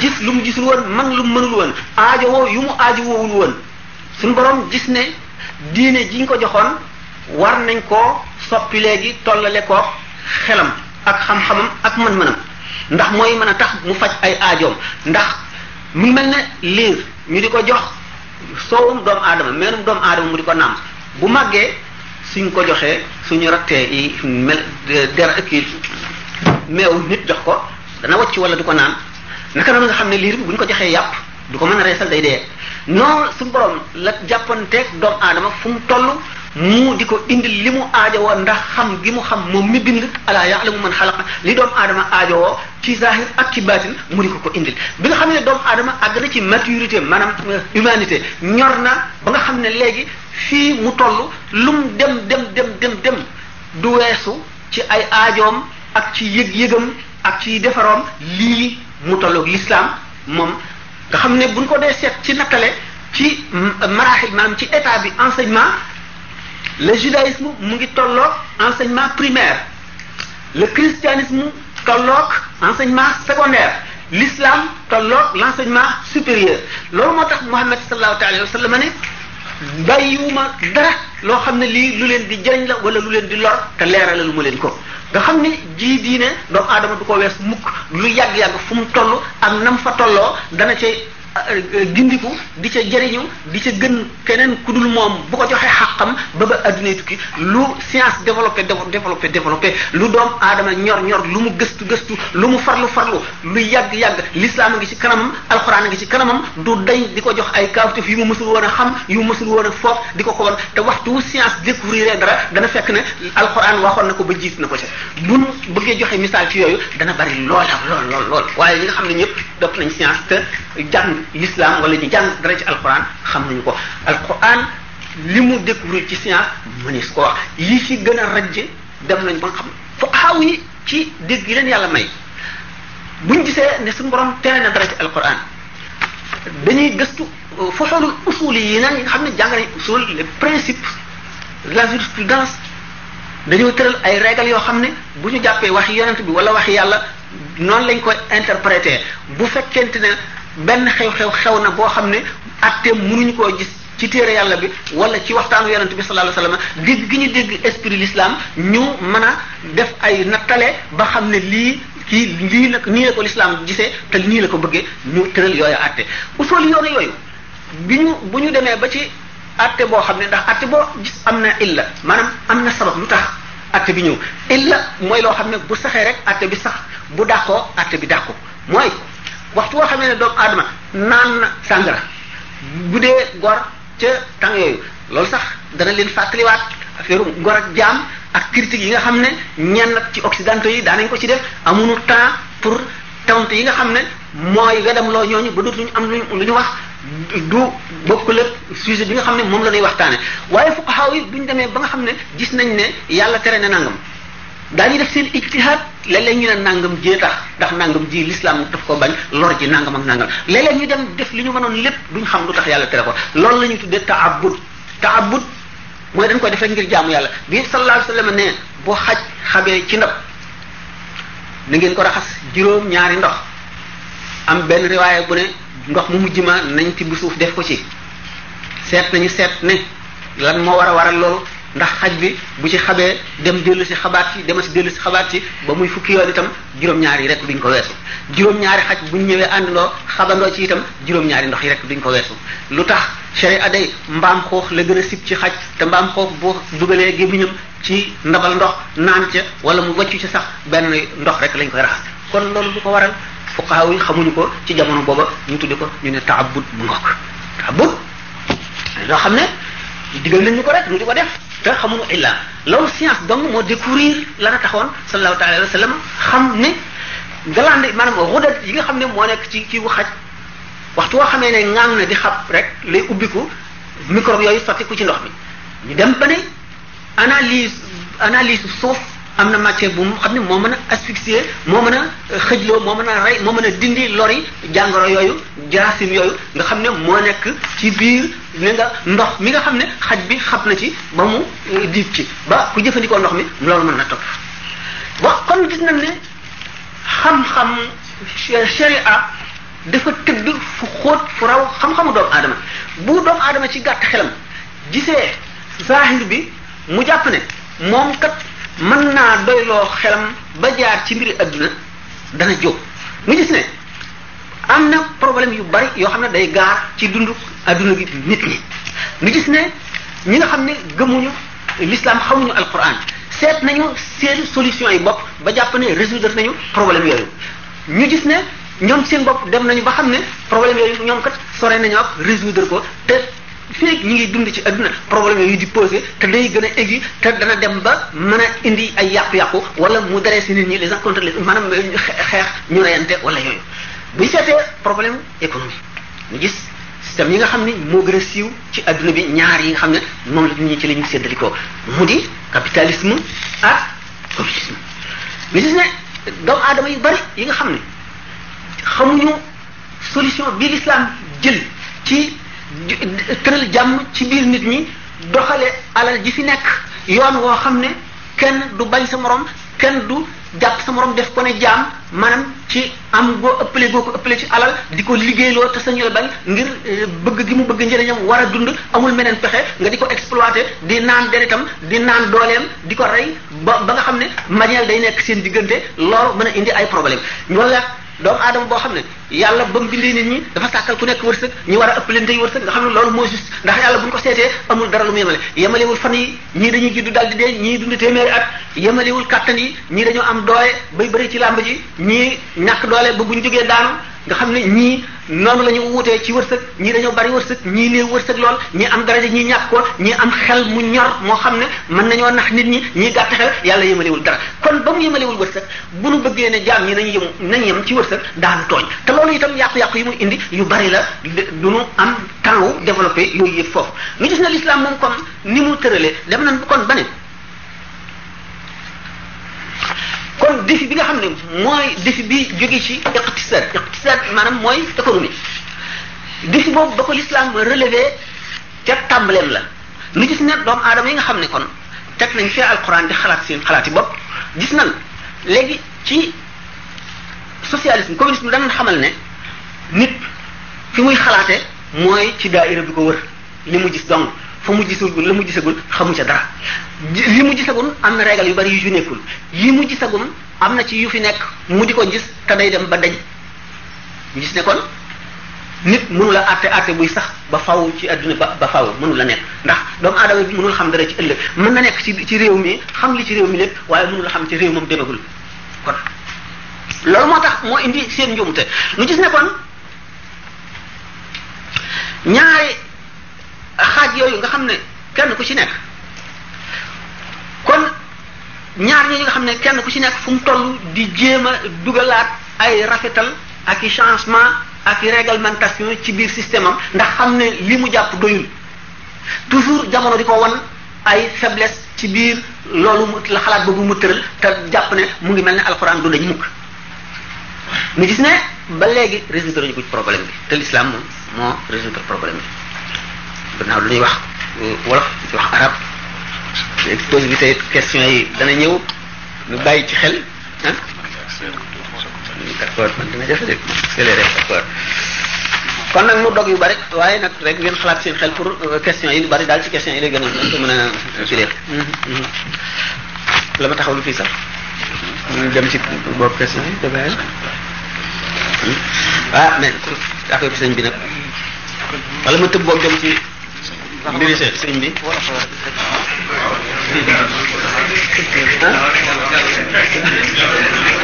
gis lu gisul woon man lu mu mënul woon aajowoo yu mu aajowoowul woon suñ borom gis ne diine jiñ ko joxoon war nañ koo soppi léegi tollale ko xelam ak xam-xamam ak mën-mënam ndax mooy mën a tax mu faj ay aajoom ndax mu mel ne liir ñu di ko jox soowum doomu aadama meenum doomu aadama mu di ko nàmp bu màggee suñ ko joxee suñu rattee yi kii meew nit jox ko dana wàcc wala du ko naan naka noonu nga xam ne liir bi bu ñu ko joxee yàpp du ko mën a reesal day dee non suñu borom la jàppanteeg doomu aadama fu mu toll mu di ko indil li mu aajowoo ndax xam gi mu xam moom mi bind alaa yaalamu man xalaqa li doomu aadama aajowoo ci zahir ak ci baatin mu di ko ko indil bi nga xam ne doomu aadama àgg na ci maturité maanaam euh, humanité ñor na ba nga xam ne léegi fii mu toll lum dem dem dem dem dem du weesu ci ay aajoom ak ci yëg-yëgam ak ci defaroom lii mu tolloog lislaam moom nga xam ne buñ ko dee seet ci nattale ci maraaxil maanaam ci état bi enseignement le judaïsme mu ngi tolloog enseignement primaire le christianisme tolloog enseignement secondaire l'islam tolloog l'enseignement supérieur loolu moo tax Muhammad sallallahu alayhi wa sallam ne bàyyiwuma dara loo xam ne lii lu leen di jëriñ la wala lu leen di lor te leeralalu ma leen ko nga xam ne ji diine doomu aadama du ko wees mukk lu yàgg-yàgg fu mu toll ak nam fa tolloo dana cay gindiku euh, euh, di ca jëriñu di ca gën keneen ku dul moom bu ko joxee xàqam ba ba addunay tukki lu science développé développé développé lu doom aadama ñor ñor lu mu gëstu gëstu lu mu farlu farlu lu yàgg yàgg lislaam a ngi ci kanamam alxuraan a ngi ci kanamam du dañ di ko jox ay kaawtef yu mu mësul woon a xam yu mu mësul woon a foog di ko ko woon te waxtu wu science découvrir dara dana fekk ne alxuraan waxoon na ko ba jiit na ko ca bu nu bëggee joxe misaal ci yooyu dana bari lool lool lool lool waaye ñi xam ne ñëpp dëpp nañ science te jàng l'islam wala ñu jàng dara ci alquran xam nañu ko alquran li mu découvrir ci science manis ko wax li ci gën a rajje dem nañ ba nga xam fo xaaw yi ci dégg yi leen yàlla may buñ gisee ne suñu borom tere na dara ci alquran dañuy gëstu euh, foxoolu usul yi nag xam ne jàng nañ usul les principes de la dañoo tëral ay règles yoo xam ne bu ñu jàppee waxi yonent bi wala waxi yàlla noonu lañ koy interpréter bu fekkente ne benn xew-xew xew na boo xam ne atteem mënuñu ko gis ci téere yàlla bi wala ci waxtaanu yonent bi sallallahu alayhi wasallam dégg gi ñu dégg esprit l'islam ñu mën a def ay nattale ba xam ne lii kii lii la nii la ko l'islam gisee te nii la ko bëggee ñu tëral yooyu atte usul yoonu yooyu bi ñu bu ñu demee ba ci atte boo xam ne ndax atte boo gis am na illa maanaam am na sabab lu tax atte bi ñëw illa mooy loo xam ne bu saxee rek atte bi sax bu dàqoo atte bi dàqu mooy waxtu woo xamee ne doomu aadama naan na sàngara bu dee gor ca temps yooyu loolu sax dana leen fàttaliwaat affaire gor ak jaam ak critique yi nga xam ne ñenn ci occidentaux yi daanañ ko ci def amunu temps pour tawante yi nga xam ne mooy wedam loo ñooñu ba dootuñu am luñ lu ñu wax du bokk la sujet bi nga xam ne moom la ñuy waxtaane waaye fuqahaa yi ñu demee ba nga xam ne gis nañ ne yàlla tere ne nangam daañu def seen ijtihaad léeg-léeg ñu ne nangam jee tax ndax nàngam ji l'islam daf ko bañ lor ji nangam ak nangam léeg ñu dem def li ñu mënoon lépp duñ xam lu tax yàlla tere ko loolu la ñu tuddee taabud taabud mooy dañ koy def rek ngir jàmm yàlla bi sallallahu alayhi wasallam ne boo xaj xabee ci ndab na ngeen ko raxas juróom ñaari ndox am benn riwaaya bu ne ndox mu mujj ma nañ tibb suuf def ko ci seet nañu seet ne lan moo war a war a loolu ndax xaj bi bu ci xabee dem dellu si xabaat si dema si dellu si xabaat ci ba muy fukki yoon itam juróom ñaari yi rek duñ ko weesu juróom-ñaari xaj ñu ñëwee àndandoo xabandoo ci itam juróom-ñaari ndox yi rek duñ ko weesu lu tax chéré aday mbaam xoox la gën a sib ci xaj te mbaam xoox boo dugalee gémmiñam ci ndabal ndox naan ca wala mu waccu ci sax benn ndox rek lañ koy raxas kon loolu lu ko waral fuqaaw yi xamuñu ko ci jamono booba ñu tuddi ko ñu ne taabut bu ngokk taabut loo xam ne digal nañ def te xamuñu illa loolu science dong moo découvrir la na taxoon sallallahu taala alayhi wa sallam xam ni galande maanaam rudat yi nga xam ne moo nekk ci kii wu xaj waxtu woo xamee ne ŋaang na di xab rek lay ubbiku microbe yooyu sotti ci ndox mi ñu dem ba ne analyse analyse suuf am na matière bu mu xam ne moo mën a asphyxier moo mën a euh, xëjloo moo mën a rey moo mën a dindi lori jàngoro yooyu jarasim yooyu nga xam ne moo nekk ci biir ne nga ndox mi nga xam ne xaj bi xab na ci ba mu euh, diib ci ba ku jëfandikoo ndox mi loolu mën na topp ba kon gis nag ne xam-xam euh, sharia dafa tëdd fu xóot fu raw xam-xamu doomu aadama bu doomu aadama ci gàtt xelam gisee zaahir bi mu jàpp ne moom kat mën naa doyloo xelam ba jaar ci mbiri adduna dana jóg nga gis ne am na problème yu bari yoo xam ne day gaar ci dundu adduna gi nit ñi nga gis ne ñi nga xam ne gëmuñu l'islam xamuñu alquran seet nañu seen solution yi bopp ba jàpp ne résoudre nañu problème yooyu ñu gis ne ñoom seen bopp dem nañu ba xam ne problème yooyu ñoom kat sore nañu ak résoudre ko te feeg ñu ngi dund ci adduna problème yooyu di posé te day gën a aigu te dana dem ba mën a indi ay yàqu-yàqu wala mu daree si nit ñi les uns contre les autres maanaam xeex ñu te wala yooyu bu ñu seetee problème économique ñu gis système yi nga xam ne moo gën a siiw ci adduna bi ñaar yi nga xam ne moom la nit ñi ci la ñu séddalikoo mu di capitalisme ak communisme ñu gis ne doomu aadama yu bari yi nga xam ne xamuñu solution bi l'islam jël ci tëral jàmm ci biir nit ñi doxale alal ji fi nekk yoon woo xam ne kenn du bañ sa morom kenn du jàpp sa moroom def ko ne jaam maanaam ci am goo ëppale goo ko ëppale ci alal di ko liggéeyloo te sa sañul bañ ngir euh, bëgg gi mu bëgg njëriñam war a dund amul meneen pexe nga di ko exploité di naan deretam di naan dooleem di ko rey ba ba nga xam ne manière day nekk seen diggante loo mën a indi ay problème wala doomu aadama boo xam ne yàlla ba mu bindee nit ñi dafa sàkkal ku nekk wërsëg ñu war a ëppalante yi wërsëg nga xam ne loolu moo juste ndax yàlla bu ñu ko seetee amul dara lu mu yemale yemalewul fan yi ñii dañuy juddu daal di dee ñii dund téeméeri at yemalewul kàttan yi ñii dañoo am doole bay bëri ci làmb ji ñii ñàkk doole ba buñ jógee daanu nga xam ne ñii noonu la ñu wutee ci wërsëg ñii dañoo bari wërsëg ñii néew wërsëg lool ñii am daraja ñii ñàkk ko ñii am xel mu ñor moo xam ne mën nañoo nax nit ñi ñii gàtt xel yàlla yemalewul dara kon ba mu yemalewul wërsëg bu nu bëggee ne jaam ñi nañu yem nañu yem ci wërsëg daanu tooñ te loolu tam yàqu-yàqu yi muy indi yu bari la du nu am temps développé yooyu yëpp foofu ñu gis na l'islam moom comme ni mu tëralee dem nañ kon ba ne kon défi bi nga xam ne mooy défi bi jóge ci iqtisaad iqtisaad maanaam mooy économie défi boobu ba ko l'islam relevé ca tàmbaleem la ni gis ne doom aadama yi nga xam ne kon teg nañ fee alquran di xalaat seen xalaat yi bopp gis nañ léegi ci socialisme communisme danañ xamal ne nit fi muy xalaate mooy ci daaira bi ko wër li mu gis dong fa mu gisagul la mu gisagul xamu ca dara li mu gisagul am na régal yu bari yu ci nekkul yi mu gisagul am na ci yu fi nekk mu di ko gis te day dem ba dañ gis ne nekkoon nit mënu la àtte àtte buy sax ba faw ci àdduna ba ba faw mënu la nekk ndax doomu aadama bi mënul xam dara ci ëllëg mën na nekk ci ci réew mi xam li ci réew mi lépp waaye mënul xam ci réew moom demagul kon loolu moo tax moo indi seen njuumte nu gis ne ñaari mag yooyu nga xam ne kenn ku ci nekk kon ñaar ñooñu nga xam ne kenn ku ci nekk fu mu toll di jéem a dugalaat ay rafetal ak i changement ak i réglementation ci biir système am ndax xam ne li mu jàpp doyul toujours jamono di ko wan ay faiblesse ci biir loolu mu la xalaat boobu mu tëral te jàpp ne mu ngi mel ne alxuraan du dañ mukk mu gis ne ba léegi résoudre ñu ko problème bi te l'islam moom moo résoudre problème bi gannaaw lu ñuy wax wolof di wax arab exposé bi tey question yi dana ñëw ñu bàyyi ci xel ah d'accord man dina jafe de kon nag mu dog yu bari waaye nag rek ngeen xalaat seen xel pour euh, question yi lu bari daal ci question yi lay gën a mën a fileer mm-hmm. la ma taxawlu fii sax ñu dem ci boobu question yi da hmm? ah, tëb boog dem ci mbiri sëñ sëñ bi.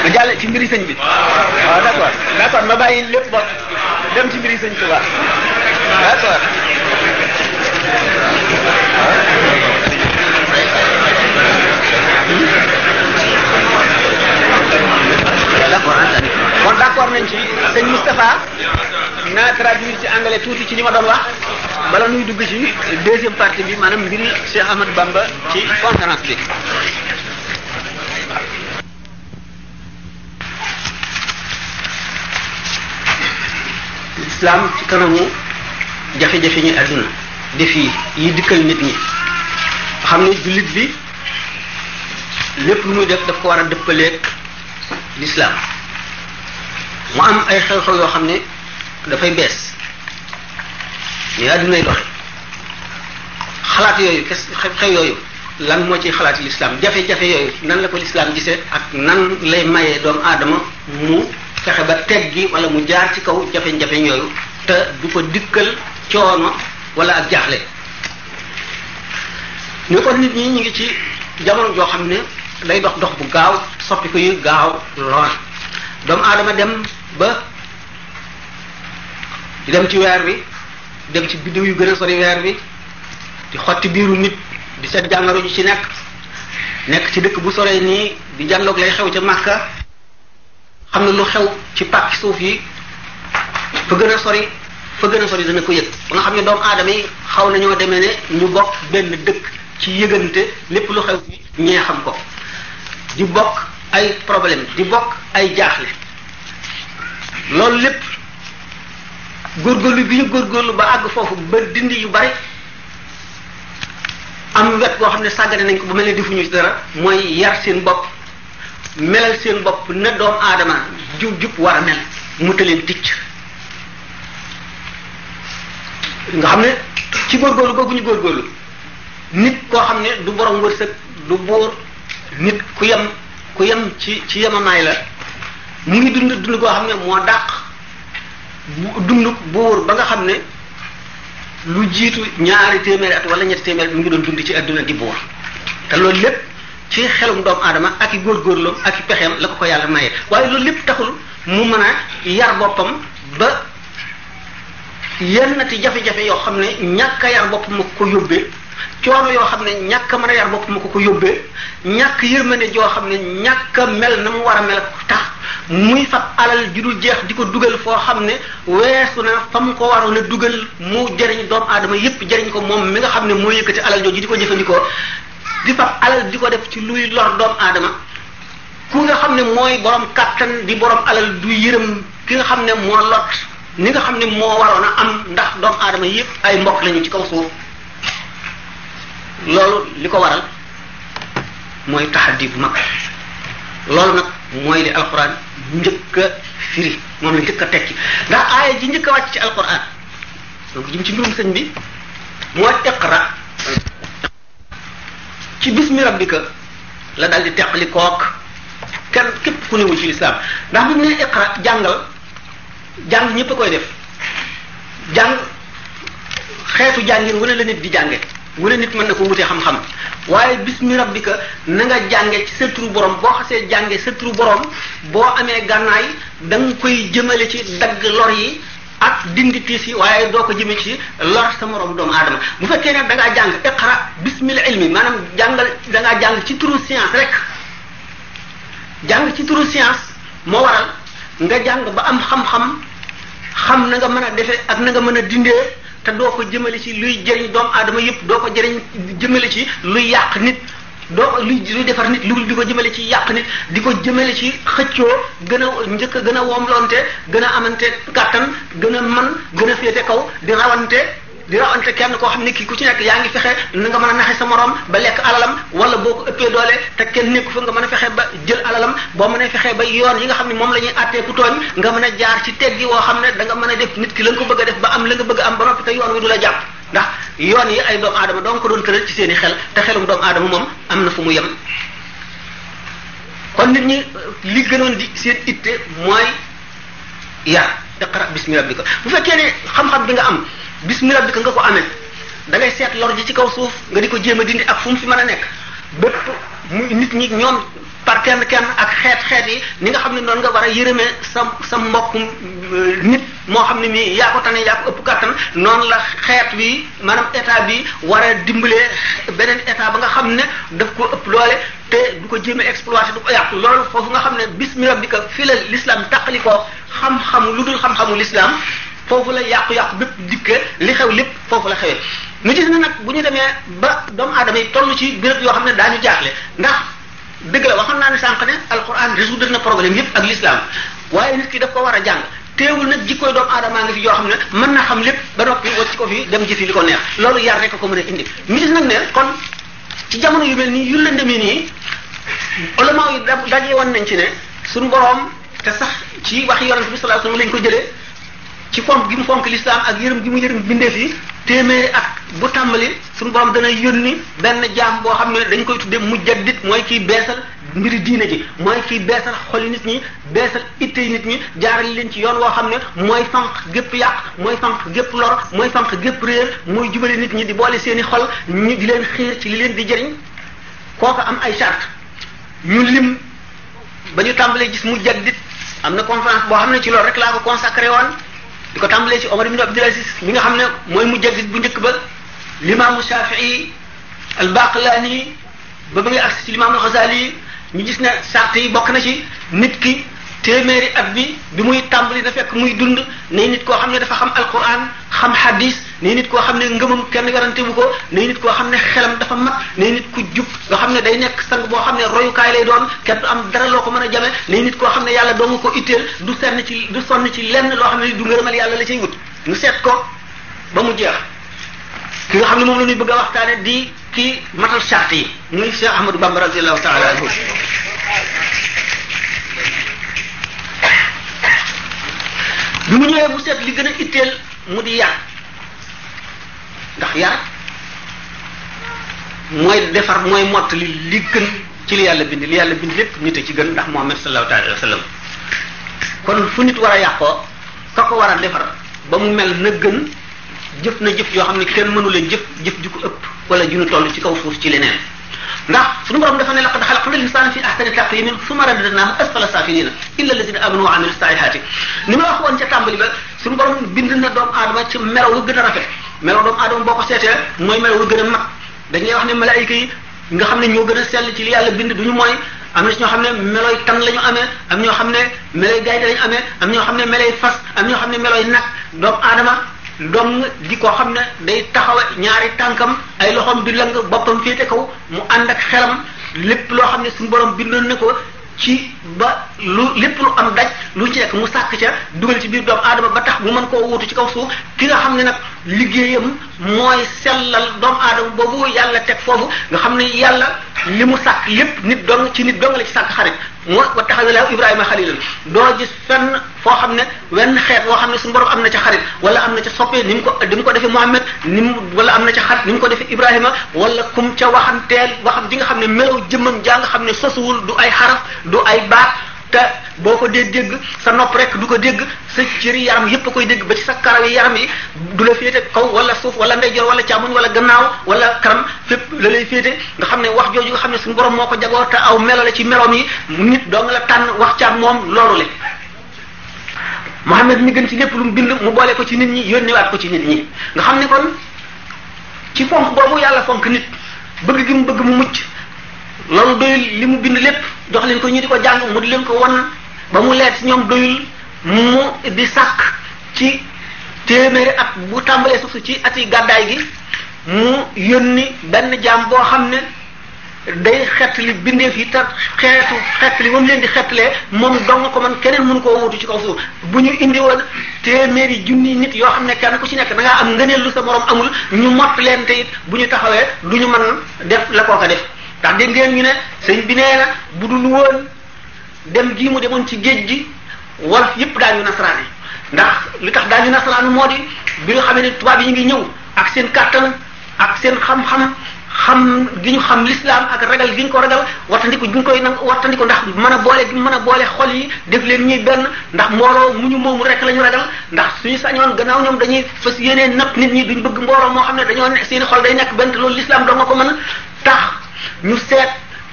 ma jàll ci mbiri sëñ bi. waaw ah, d' accord d' accord ma bàyyi lépp bopp dem ci mbiri sëñ Tuubaa d' accord. d'accord kon d'accord nañ ci sëñ Moustapha naa traduire ci anglais tuuti ci li ma doon wax bala nuy dugg ci deuxième partie bi maanaam mbiri Cheikh Ahmad Bamba ci conférence bi islam ci kanamu jafe-jafe ñi àdduna def yi yi dikkal nit ñi xam ne jullit bi lépp lu muy def daf ko war a dëppaleeg lislaam mu am ay xew-xew yoo xam ne dafay bees mais àddunay doxe xalaat yooyu kes xew yooyu lan moo ciy xalaat lislaam jafe-jafe yooyu nan la ko lislaam gisee ak nan lay mayee doomu aadama mu fexe ba gi wala mu jaar ci kaw jafe-jafe yooyu te du ko dikkal coono wala ak jaaxle ne kon nit ñi ñu ngi ci jamono joo xam ne day dox dox bu gaaw soppi ko yu gaaw lool doomu aadama dem ba di dem ci weer bi dem ci biddiw yu gën a sori weer bi di xotti biiru nit di seet jàngaro ñu ci nekk nekk ci dëkk bu soree nii di jànloog lay xew ca Makka xam ne lu xew ci pàkki suuf yi fa gën a sori fa gën a sori dana ko yëg ba nga xam ne doomu aadama yi xaw nañoo demee ne ñu bokk benn dëkk ci yëgante lépp lu xew ñee xam ko di bokk ay problème di bokk ay jaaxle loolu lépp góorgóorlu bi ñu góorgóorlu ba àgg foofu ba dind yu bari am wet boo xam ne sàggane nañ ko ba mel ne difu ci dara mooy yar seen bopp melal seen bopp na doom aadama jub jub war a mel mu taleen ticc nga xam ne ci góorgóorlu googu ñu góorlu nit koo xam ne du borom wërsëg du buur nit ku yem ku yem ci ci yemamaay la mu ngi dund dund koo xam ne moo dàq dund buur ba nga xam ne lu jiitu ñaari téeméeri at wala ñetti téeméeri at mu ngi doon dund ci adduna di buur te loolu lépp ci xelum doomu aadama ak i góorgóorloom ak i pexeem la ko ko yàlla maye waaye loolu lépp taxul mu mën a yar boppam ba yennati jafe-jafe yoo xam ne ñàkk a yar boppam ko yóbbee coono yoo xam ne ñàkk a mën a yar bopp ma ko ko yóbbee ñàkk yërmande joo xam ne ñàkk a mel na mu war a mel tax muy fab alal ju dul jeex di ko dugal foo xam ne weesu na fa mu ko waroon na dugal mu jëriñ doomu aadama yépp jëriñ ko moom mi nga xam ne moo yëkkati alal jooju di ko jëfandikoo di fab alal di ko def ci luy lor doomu aadama ku nga xam ne mooy borom kàttan di borom alal du yërëm ki nga xam ne moo lot ni nga xam ne moo waroon a am ndax doomu aadama yépp ay mbokk lañu ci kaw loolu li ko waral mooy taxaddi bu mag loolu nag mooy li alquran njëkk a firi moom la njëkk a tekki ndax aaya ji njëkk a wàcc ci alquran donc jëm ci mbirum sëñ bi moo iqra ci bismi rabbika la dal di teqli kook kenn képp ku newu ci lislaam ndax bu ñu nee iqra jàngal jàng ñëpp a koy def jàng xeetu jàngin wala la nit di jànge mu ne nit mën na ko wutee xam-xam waaye bismi rabbika na nga jànge ci sa turu boo xasee jànge sa turu borom boo amee gànnaay da nga koy jëmale ci dagg lor yi ak dindi tiis yi waaye doo ko jëmee ci lor sa moroom doomu aadama bu fekkee nag dangaa ngaa jàng iqra bismil ilmi maanaam jàngal da ngaa jàng ci turu science rek jàng ci turu science moo waral nga jàng ba am xam-xam xam na mën a defee ak na nga mën a dindee te doo ko jëmale ci luy jëriñ doomu aadama yëpp doo ko jëriñ jëmale ci lu yàq nit doo ko luy luy defar nit lu di ko jëmale ci yàq nit di ko jëmale ci xëccoo gën a njëkk gën a womlonte gën a amante kàttan gën a man gën a féete kaw di rawante di rawante kenn koo xam ne kii ku ci nekk yaa ngi fexe na nga mën a naxe sa morom ba lekk alalam wala boo ko ëppee doole te kenn nekku fa nga mën a fexe ba jël alalam boo mën a fexe ba yoon yi nga xam ne moom la ñuy àttee ku tooñ nga mën a jaar ci teggi woo xam ne danga mën a def nit ki la nga ko bëgg a def ba am la nga bëgg a am ba noppi te yoon wi du la jàpp ndax yoon yi ay doomu aadama doo ko doon tëral ci seen xel te xelum doomu aadama moom am na fu mu yem kon gënoon di seen itte mooy yar iqra bismi rabbika bu fekkee ne xam-xam nga am bi rabbika nga ko amee da seet lor ji ci kaw suuf nga di ko jéem a dindi ak fu mu fi mën a nekk bépp mu nit ñi ñoom par kenn kenn ak xeet xeet yi ni nga xam ne noonu nga war a yërëmee sa sa mbokk euh, nit moo xam ne mii yaa ko tane yaa ko ëpp kàttan noonu la xeet wi maanaam état bi war a dimbalee beneen état ba nga xam ne daf ko ëpp loole te du ko jéem a exploité du ko yàq lool foofu nga xam ne bismi bi fi la l'islam taqali ko xam-xamu lu dul xam-xamu l'islam foofu la yàqu-yàqu bépp dikk li xew lépp foofu la xewee ñu gis ne nag bu ñu demee ba doomu aadama yi toll ci béréb yoo xam ne daañu jaaxle ndax dëgg la xam naa ne sànq ne alquran résoudre na problème yépp ak l'islam waaye nit ki daf ko war a jàng teewul nag jikkooy doomu aadamaa ngi fi yoo xam ne mën na xam lépp ba noppi wacc ko fi dem jëfi li ko neex loolu yar rek ko mën a indi ñu gis nag ne kon ci jamono yu mel nii yu la demee nii ulama yi daje woon nañ ci ne suñu boroom te sax ci wax yonent bi sallallahu alayhi wasallam lañ ko jëlee ci fonk gi mu fonk l'islam ak yërëm gi mu yërëm bindé fi téeméeri ak bu tàmbali suñu borom dana yoni ben jaam bo xamné dañ koy tuddee mujaddid moy ki bëssal mbiri diine ji moy ki bëssal xol nit ñi bëssal itte nit ñi jaarale liñ ci yoon wo xamné moy mooy gep yàq moy fanq gep lor moy fanq gep réer moy jubale nit ñi di bolé seeni xol ñi di leen xiir ci li leen di jëriñ kooku am ay charte ñu lim bañu tambalé gis mujaddid am na conférence bo xamné ci loolu rek la ko consacré won diko tambalé ci Omar ibn Abdul Aziz mi nga xamné moy mooy mujjadit bu njëkk ba l'imam Shafii al baqlani ba ba ngay agsi ci l'imam Ghazali ñu gis na sart yi bokk na ci nit ki téeméeri at bi bi muy tàmbali da fekk muy dund ne nit koo xam ne dafa xam alquran xam hadis ne nit koo xam ne ngëmam kenn werante bu ko ne nit koo xam ne xelam dafa mat ne nit ku jub loo xam ne day nekk sang boo xam ne royukaay lay doon kenn du am dara loo ko mën a jame ne nit koo xam ne yàlla doo ko itteel du senn ci du sonn ci lenn loo xam ne du ngërëmal yàlla la cay wut ñu seet ko ba mu jeex ki nga xam ne moom la bëgg a waxtaane di ki matal charte yi muy Cheikh Ahmadou Bamba radiyallahu taala anhu bi mu ñëwee mu seet li gën a itteel mu di yar ndax yar mooy defar mooy mott li li gën ci li yàlla bind li yàlla bind lépp nit a ci gën ndax Muhammad sallallahu alayhi wa sallam kon fu nit war a yàqoo ka ko war a defar ba mu mel na gën jëf na jëf yoo xam ne kenn mënu la jëf jëf ju ko ëpp wala ju ñu toll ci kaw suuf ci leneen ndax suñu borom dafa ne laqad xalaqna l-insaana fi ahsani taqwiimin summa radadnaahu asfala saafiliina illa allaziina aamanu wa amilu saalihaati ni ma wax woon ca tàmbali ba suñu borom bind na doomu aadama ci melaw yu gën a rafet melaw doomu aadama boo ko mooy melaw yu gën a mag dañuy wax ne malaayika yi nga xam ne ñoo gën a sell ci li yàlla bind duñu mooy am na ci ñoo xam ne melooy tan la ñu amee am ñoo xam ne melooy gaynde la ñu amee ñoo xam ne melooy fas am ñoo xam ne melooy nag doomu aadama ndong di ko xam ne day taxaw ñaari tànkam ay loxoom di lëng boppam féete kaw mu ànd ak xelam lépp loo xam ne suñu borom bindoon na ko ci ba lu lépp lu am daj lu ci nekk mu sàkk ca dugal ci biir doomu aadama ba tax mu mën koo wuutu ci kaw suuf ki nga xam ne liggéeyam mooy sellal doomu aadama boobu yàlla teg foofu nga xam yàlla li mu sàkk lépp nit dong ci nit dong la ci sàkk xarit moo wa taxawee la Ibrahima xalilan doo gis fenn foo xam ne wenn xeet woo xam borom am na xarit wala am na ca soppee ko ni ko defee Muhammad ni wala am na ca xarit ko defee Ibrahima wala kum ca waxanteel waxam ji nga xam melaw jëmmam jaa nga sosuwul du ay xaraf du ay baat baat te boo ko dee dégg sa nopp rek du ko dégg sa cëri yaram yépp a koy dégg ba ci sa karaw yi yaram yi du la féete kaw wala suuf wala ndeyjoor wala càmmoñ wala gannaaw wala kanam fépp la lay féete nga xam ne wax jooju nga xam ne suñu borom moo ko jagoor te aw melo la ci meloom yi nit doo nga la tànn wax ca moom loolu le Muhammad mi ci lépp lu mu bind mu boole ko ci nit ñi yónniwaat ko ci nit ñi nga xam ne kon ci fonk boobu yàlla fonk nit bëgg gi mu bëgg mu mucc loolu doy li mu bind lépp jox leen ko ñu di ko jàng mu di leen ko won ba mu leer ci ñoom doyul mu di sàkk ci téeméeri at bu tàmbalee suuf si ci ati gàddaay gi mu yónni benn jaam boo xam ne day xettali bindeef yi tar xeetu li moom leen di xettalee moom dong ko man keneen mënu koo wutu ci ko suuf bu ñu indi woon téeméeri junni nit yoo xam ne kenn ku ci nekk da ngaa am ngëneel lu sa morom amul ñu mott leen te bu ñu taxawee du ñu mën def la koo ko def ndax dégg ngeen ñu ne sëñ bi nee na bu dul woon dem gii mu demoon ci géej gi wolof yépp daañu nasaraane ndax li tax daañu nasaraanu moo di bi nga xamee ne tubaab yi ñu ngi ñëw ak seen kàttan ak seen xam-xam xam gi ñu xam lislaam ak ko ragal wartandiku gi ñu koy nag wartandiku ndax mën a boole gi mën a boole xol yi def leen ñuy benn ndax mbooloo mu ñu moomu rek la ñu ragal ndax suñu sañoon gannaaw ñoom dañuy fas yéenee napp nit ñi duñ bëgg mbooloo moo xam ne dañoo ne seen i xol day nekk benn te loolu lislaam doo nga ko mën a tax ñu seet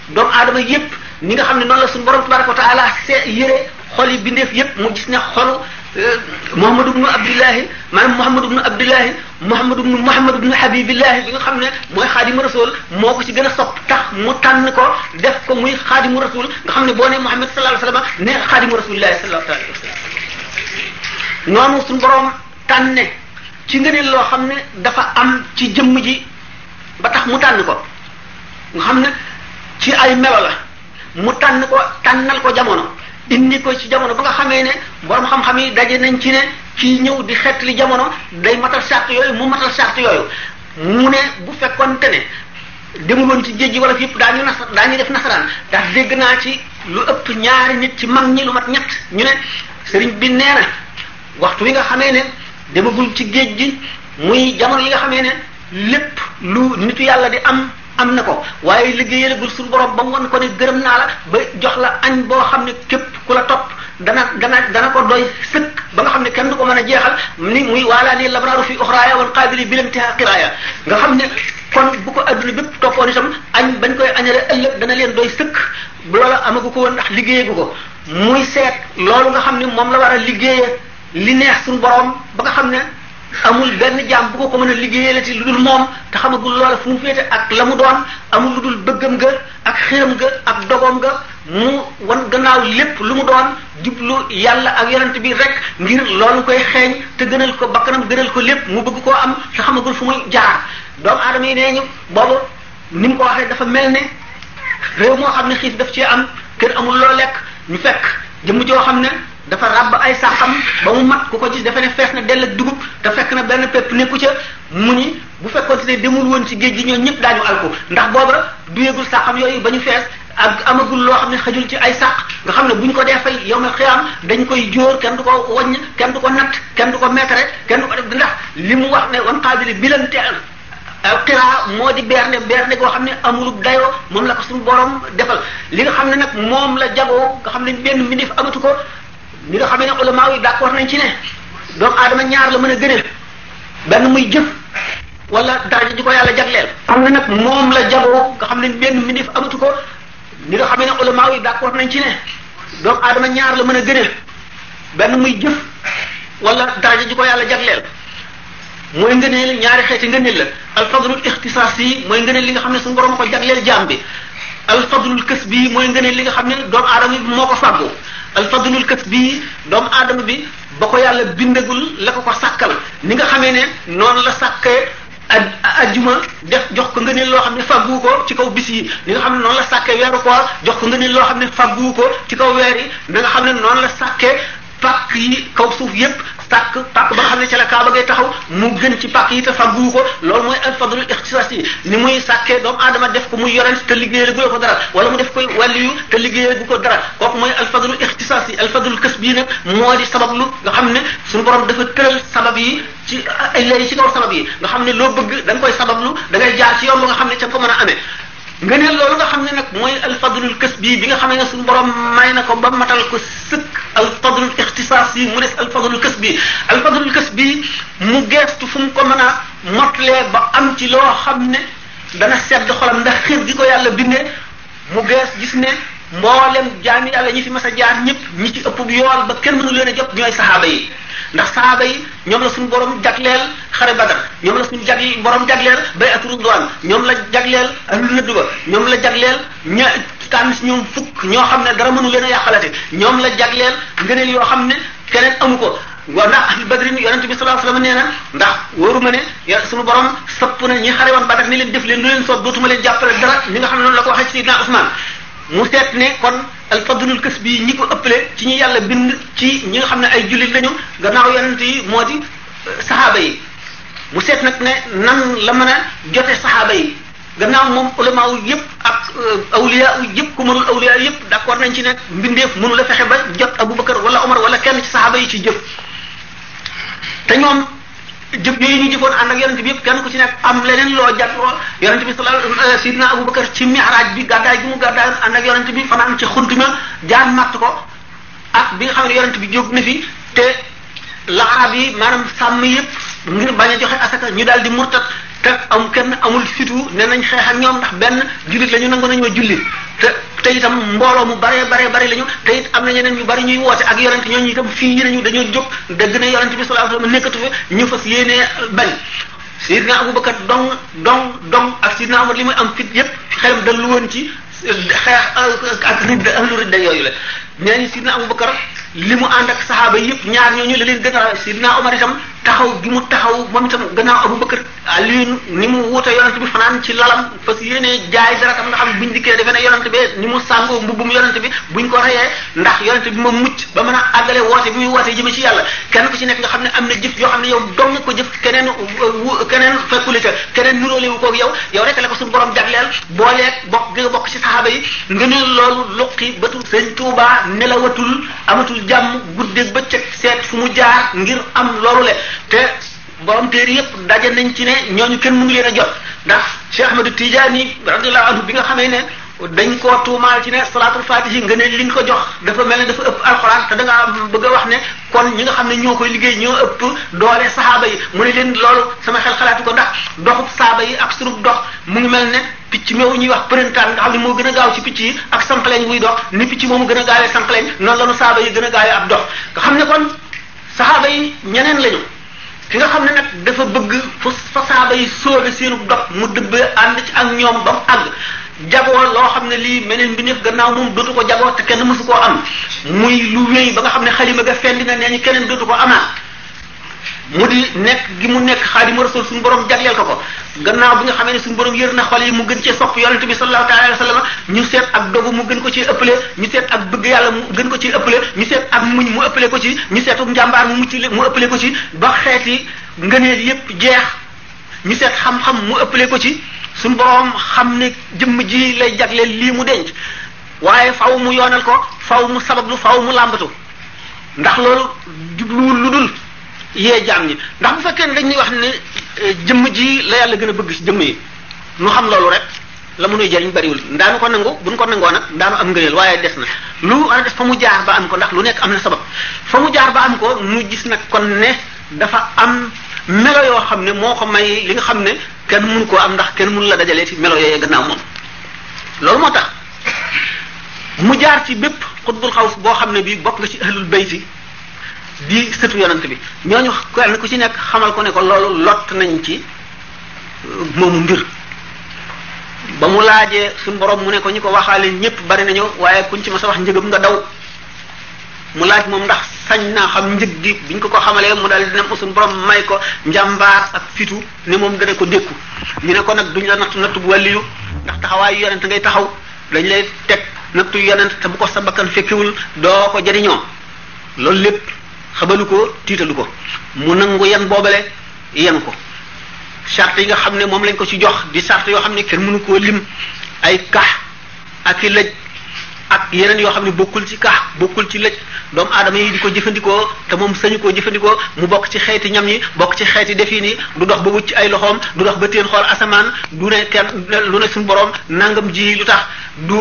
doomu aadama yépp ni nga xam ne noonu la suñu borom tabaraka wa taala seet yére xol yi bindeef yépp mu gis ne xolu euh, Muhammad ibnu Abdillahi maanaam Muhammad ibnu Abdillahi Muhammad ibnu Muhammad ibnu Habibillahi bi nga xam ne mooy xaadimu rasul moo ko ci gën a sopp tax mu tànn ko def ko muy xaadimu rasul nga xam ne boo nee Muhammad sallallahu alayhi wa sallam ne xaadimu rasulillahi sallallahu alayhi wa sallam noonu suñu borom tànne ci ngëneel loo xam ne dafa am ci jëmm ji ba tax mu tànn ko. nga xam nag ci ay melo la mu tànn ko tànnal ko jamono indi ko ci jamono ba nga xamee ne borom xam-xam yi daje nañ ci ne ci ñëw di li jamono day matal sart yooyu mu matal sart yooyu mu ne bu fekkoon te ne demul ci géej gi wala fépp daañu nas daañu def nasaraan ndax dégg naa ci lu ëpp ñaari nit ci mag ñi lu mat ñett ñu ne sëriñ bi nee na waxtu wi nga xamee ne demagul ci géej gi muy jamono yi nga xamee ne lépp lu nitu yàlla di am am na ko waaye liggéeyalagul suñu borom ba mu wan ko ne gërëm naa la jox la añ boo xam ne képp ku la topp dana dana dana ko doy sëkk ba nga xam ne kenn du ko mën a jeexal ni muy waalaa li labraaru fi oxraaya wal qaabili bilamtiha qiraaya nga xam ne kon bu ko adduna bépp toppoon itam añ bañ koy añale ëllëg dana leen doy sëkk loola amagu ko woon ndax liggéeyagu ko muy seet loolu nga xam ne moom la war liggéey li neex suñu borom ba nga xam ne amul benn jaam bu ko ko mën a liggéeyalati lu dul moom te xamagul loola fu mu féete ak la mu doon amul lu dul bëggam nga ak xiram nga ak dogoom nga mu wan gannaaw lépp lu mu doon jublu yàlla ak yonent bi rek ngir loolu koy xeeñ te gënal ko bakkanam gënal ko lépp mu bëgg koo am te xamagul fu mu jaar doomu aadama yi nee ñu boobu ni mu ko waxee dafa mel ne réew moo xam ne xiif daf ci am kër amul loo lekk ñu fekk jëmm joo xam ne dafa ràbb ay saxam ba mu mat ku ko gis dafa ne fees na dell ak dugub te fekk na benn pepp nekku ca mu ni bu fekkoon ne demul woon ci géej gi ñoom ñëpp daañu alku ndax booba du yegul saxam yooyu ba ñu fees ak amagul loo xam ne xajul ci ay sax nga xam ne bu ñu ko dee fay yow ma xiyaam dañ koy jóor kenn du ko wàññ kenn du ko natt kenn du ko meetare kenn du ko def ndax li mu wax ne wan xaabili bilante xiraa moo di berne berne goo xam ne amulub dayoo moom la ko suñu borom defal li nga xam ne nag moom la jagoo nga xam ne benn mbindeef amatu ko ñi nga xamee ne ulama yi d'accord nañ ci ne doomu aadama ñaar la mën a gënal benn muy jëf wala daraja ji ko yàlla jagleel. xam ne nag moom la jagoo nga xam ne benn minif amatu ko ñi nga xamee ne ulama yi nañ ci ne doomu aadama ñaar la mën a gënal benn muy jëf wala daraja ji ko yàlla jagleel. mooy ngëneel ñaari xeeti ngëneel la alfadlul ixtisaas yi mooy ngëneel li nga xam ne suñu borom ko jagleel jaam bi alfadlul kasbi mooy ngëneel li nga xam ne doomu aadama bi moo ko fàggu alfadlul kasbi doomu aadama bi ba ko yàlla bindagul la ko ko sàkkal ni nga la sàkkee ajjuma def jox ko ngëneel loo xam ne fàggu ko ci kaw bis yi ni nga xam ne la sàkkee weeru koor jox ko ngëneel loo xam ne ko ci kaw weer nga xam ne la sàkkee pàkk yi kaw suuf yépp sàkk pàkk ba nga xam ne ca la kaaba ngay taxaw mu gën ci pàkk yi te faggu ko loolu mooy al fadlul ixtisaas yi ni muy sàkkee doomu aadama def ko muy yorent te liggéeyal gu ko dara wala mu def koy wàlliyu te liggéeyal gu ko dara kooku mooy al fadlul ixtisaas yi al fadlul kës bii nag moo di sabab lu nga xam ne suñu borom dafa tëral sabab yi ci ay lay ci kaw sabab yi nga xam ne loo bëgg da nga koy sabablu da ngay jaar ci yoon lu nga xam ne ca ko mën a amee ngëneel loolu nga xam ne nag mooy alfadlul kës bii bi nga xam ne suñu borom may na ko ba matal ko sëkk alfadlul ixtisaas yi mu des alfadlul kës bii alfadlul kës bii mu geestu fu mu ko mën a motlee ba am ci loo xam ne dana sedd xolam ndax xir gi ko yàlla bindee mu gees gis ne mboolem jaami yàlla ñi fi mas a jaar ñëpp ñi ci ëpp yool ba kenn mënu leen a jot ñooy saxaaba yi ndax saxaaba yi ñoom la suñu borom jagleel xare badar ñoom la suñu jag borom jagleel bay ak ridwaan ñoom la jagleel ahlul ñoom la jagleel ña tànn si ñoom fukk ñoo xam ne dara mënu leen a yàqalate ñoom la jagleel ngëneel yoo xam ne keneen amu ko a ndax ahli nee ndax wóoru ne ya suñu borom sëpp na ñi xare woon badar ni leen def leen leen soob dootuma leen jàppale dara ñi nga xam ne la ko waxee ci Seydina mu seet ne kon alfadlul kës bi ñi ko ëppale ci ñi yàlla bind ci ñi nga xam ne ay jullit lañu gannaaw yonent yi moo di euh, saxaaba yi mu seet nag ne nan la mën a jote saxaaba yi gannaaw moom ulama wu yëpp ak euh, awliya wu yëpp ku mënul awliya yëpp d'accord nañ ci ne mbindeef mënu la fexe ba jot Abubakar wala Omar wala kenn ci saxaaba yi ci jëf jëf yooyu ñu jëfoon ànd ak yonent bi yëpp kenn ku ci nekk am leneen loo jàppoo yonent bi sallallahu sidna Abubakar ci mi'raj bi gàddaay gi mu gàddaay ànd ak yonent bi fanaan ci xunt ma jaan matt ko ak bi nga xam ne yonent bi jóg na fi te laxaab yi maanaam sàmm yëpp ngir bañ a joxe asaka ñu daal di murtat te am kenn amul fitu ne nañ xeex ñoom ndax benn jullit la ñu nangu nañoo julli te te itam mbooloo mu baree baree bari la ñu te it am na ñeneen ñu bari ñuy woote ak yonent ñooñu itam fii ñu dañoo jóg dëgg ne yonent bi sallallahu alayhi wasallam nekkatu fi ñu fas yéenee bañ Seydina Abubakar dong dong dong ak Seydina Umar li muy am fit yëpp xelam dal lu woon ci xeex ak ridda ahlu ridda yooyu la nee nañ Seydina Abubakar li mu ànd ak saxaaba yépp ñaar ñooñu la leen gën a Seydina Umar itam taxaw gi mu taxaw mom tam gannaaw abu bakar aliin ni mu wuute yonent bi fanan ci lalam fas yene jaay dara tam nga xam biñ dikké defe ne yonent bi ni mu sàngoo mbubbum yonent bi buñ ko rayé ndax yonent bi mo mucc ba mëna agalé wote bi mu wote jëm ci yàlla kenn ku ci nekk nga xam ne am jëf yo xam ne yow dong ko jëf keneen keneen fekkule ca keneen nuróole wu koog yow yow rek la ko suñu borom jagleel booleeg bokk gi nga bokk ci sahaba yi nga ne loolu luqi batul sëñ tuubaa nelawatul amatul jàmm guddeeg bëccëg set fu mu jaar ngir am loolu le te borom téere yépp daje nañ ci ne ñooñu kenn mënu leen a jot ndax Cheikh Ahmadou Tidiane radiyallahu anhu bi nga xamee ne dañ koo tuumaal ci ne salaatul fatihi nga ne li nga ko jox dafa mel ne dafa ëpp alxuraan te da ngaa bëgg a wax ne kon ñi nga xam ne ñoo koy liggéey ñoo ëpp doole saxaaba yi mu ne leen loolu sama xel xalaatu ko ndax doxub saaba yi ak surub dox mu ngi mel ne picc meewu ñuy wax përintaan nga xam ne moo gën a gaaw ci picc yi ak sampaleñ wuy dox ni picc moomu gën a gaawee sampaleñ noonu la nu saaba yi gën a gaawee ab nga xam ne kon saxaaba yi ñeneen lañu ki nga xam ne nag dafa bëgg fa fasaaba yi sóobe seenu dox mu dëbbee ànd ci ak ñoom ba mu àgg jagoo loo xam ne lii meneen bi nekk gannaaw moom dootu ko jagoo te kenn mësu koo am muy lu wéy ba nga xam ne xalima ga fendi na nee ñu keneen dootu ko amaat mu di nekk gi mu nekk xaadimu rasul suñu borom jagleel ko ko gannaaw bi nga xamee ne suñu borom yër na xol yi mu gën cee sopp yonente bi sallallahu taala alayhi wa sallam ñu seet ak dogu mu gën ko ci ëppale ñu seet ak bëgg yàlla mu gën ko ci ëppale ñu seet ak muñ mu ëppale ko ci ñu seet ak njàmbaar mu mucc mu ëppale ko ci ba xeeti ngëneel yépp jeex ñu seet xam-xam mu ëppale ko ci suñu borom xam ne jëmm ji lay jagleel lii mu denc waaye faw mu yoonal ko faw mu sabablu faw mu làmbatu ndax loolu jubluwul lu dul yee jaam ñi ndax bu fekkee ne dañuy wax ne euh, jëmm ji la yàlla gën a bëgg ci jëmm yi nu xam loolu rek la mënuy jëriñ bariwul daanu ko nangu buñ ko nangoo nag daanu am ngëneel waaye des na lu def fa mu jaar ba am ko ndax lu nekk am na sabab fa mu jaar ba am ko mu gis nag kon ne dafa am melo yoo xam ne moo ko may li nga xam ne kenn mënu koo am ndax kenn mënu la dajalee ci melo yooyee gannaaw moom loolu moo tax mu jaar ci bépp xutbul xaws boo xam ne bii bokk na ci bay bayti di sëtu yonent bi ñoo ñooñu kenn ku ci nekk xamal ko ne ko loolu lott nañ ci moomu ngir ba mu laajee suñu borom mu ne ñi ko waxaale ñëpp bari nañu waaye kuñ ci mas a wax njëgam nga daw mu laaj moom ndax sañ naa xam njëg gi biñ ko ko xamalee mu daal dina suñu borom may ko njàmbaar ak fitu ne moom dana ko dékku ñu ne ko nag duñ la nattu nattu bu wàlliyu ndax taxawaayu yonent ngay taxaw dañ lay teg nattu yonent te bu ko sa bakkan fekkiwul doo ko jariñoo loolu lépp xabalu ko tiitalu ko mu nangu yan boobale yan ko sart yi nga xam ne moom lañ ko ci jox di sart yoo xam ne kenn mënu koo lim ay kax ak i lëj ak yeneen yoo xam ne bokkul ci kax bokkul ci lëj doomu aadama yi di ko jëfandikoo te moom sañu koo jëfandikoo mu bokk ci xeeti ñam yi bokk ci xeeti defin yi du dox ba wut ci ay loxoom du dox ba teen xool asamaan du ne kenn lu ne suñu boroom nangam ji lu tax du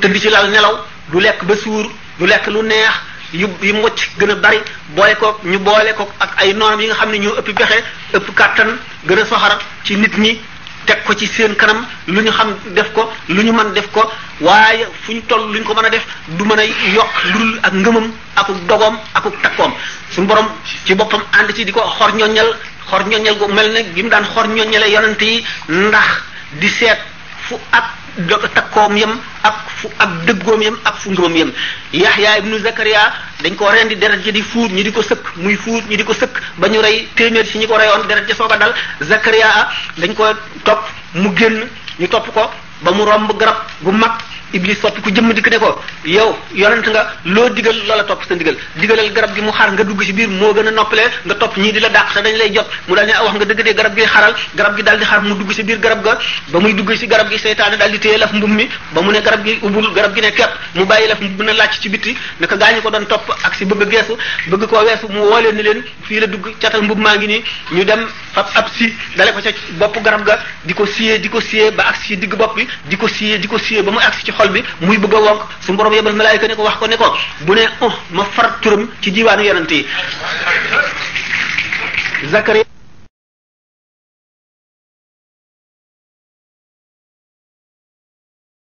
tëdd ci lal nelaw du lekk ba suur du lekk lu neex yu yi mu wacc gën a bari boole ko ñu boole ko ak ay noonam yi nga xam ne ñoo ëpp bexe ëpp kàttan gën a soxara ci nit ñi teg ko ci seen kanam lu ñu xam def ko lu ñu mën def ko waaye fu ñu toll lu ñu ko mën a def du mën a yokk ludul ak ngëmam dogom dogoom akuk takkoom su borom ci boppam ànd ci di ko xor ñoñal xor ñoññal gu mel ne gi mu daan xor ñoññale yonent yi ndax di seet fu ak doog takkoom yem ak fu ak dëggoom yem ak fu ngëmam yem yaxya ibnu zakariya dañ ko rendi deret ji di fuut ñu di ko sëkk muy fuut ñu di ko sëkk ba ñu rey téeméer si ñu ko reyoon deret ji soog a dal zakariya dañ ko topp mu génn ñu topp ko ba mu romb garab gu mag iblis soppi ku jëmm dikk ne ko yow yonent nga loo digal loola topp sa ndigal digalal garab gi mu xar nga dugg ci biir moo gën a noppalee nga topp ñii di la dàq te dañ lay jot mu daal ne ah, wax nga dëgg de garab gi xaral garab gi dal di xar mu dugg ci biir garab ga ba muy dugg ci garab gi seytaane daal di téye laf mbub mi ba mu ne garab gi ubul garab gi ne kepp mu bàyyi laf mbub na làcc ci bitti naka gaañu ko bëgg koo weesu mu woolee leen fii la dugg catal mbub maa ngi nii ñu dem fab ab si dale ko ca bopp garab ga di ko siyee di ko siyee ba agsi ci digg bopp bi di ko siyee di ko siyee ba mu agsi xol bi muy bëgg a wokk su borom yebal malaayika ne ko wax ko ne ko bu ne oh ma far turam ci diwaanu yonent yi Zakariya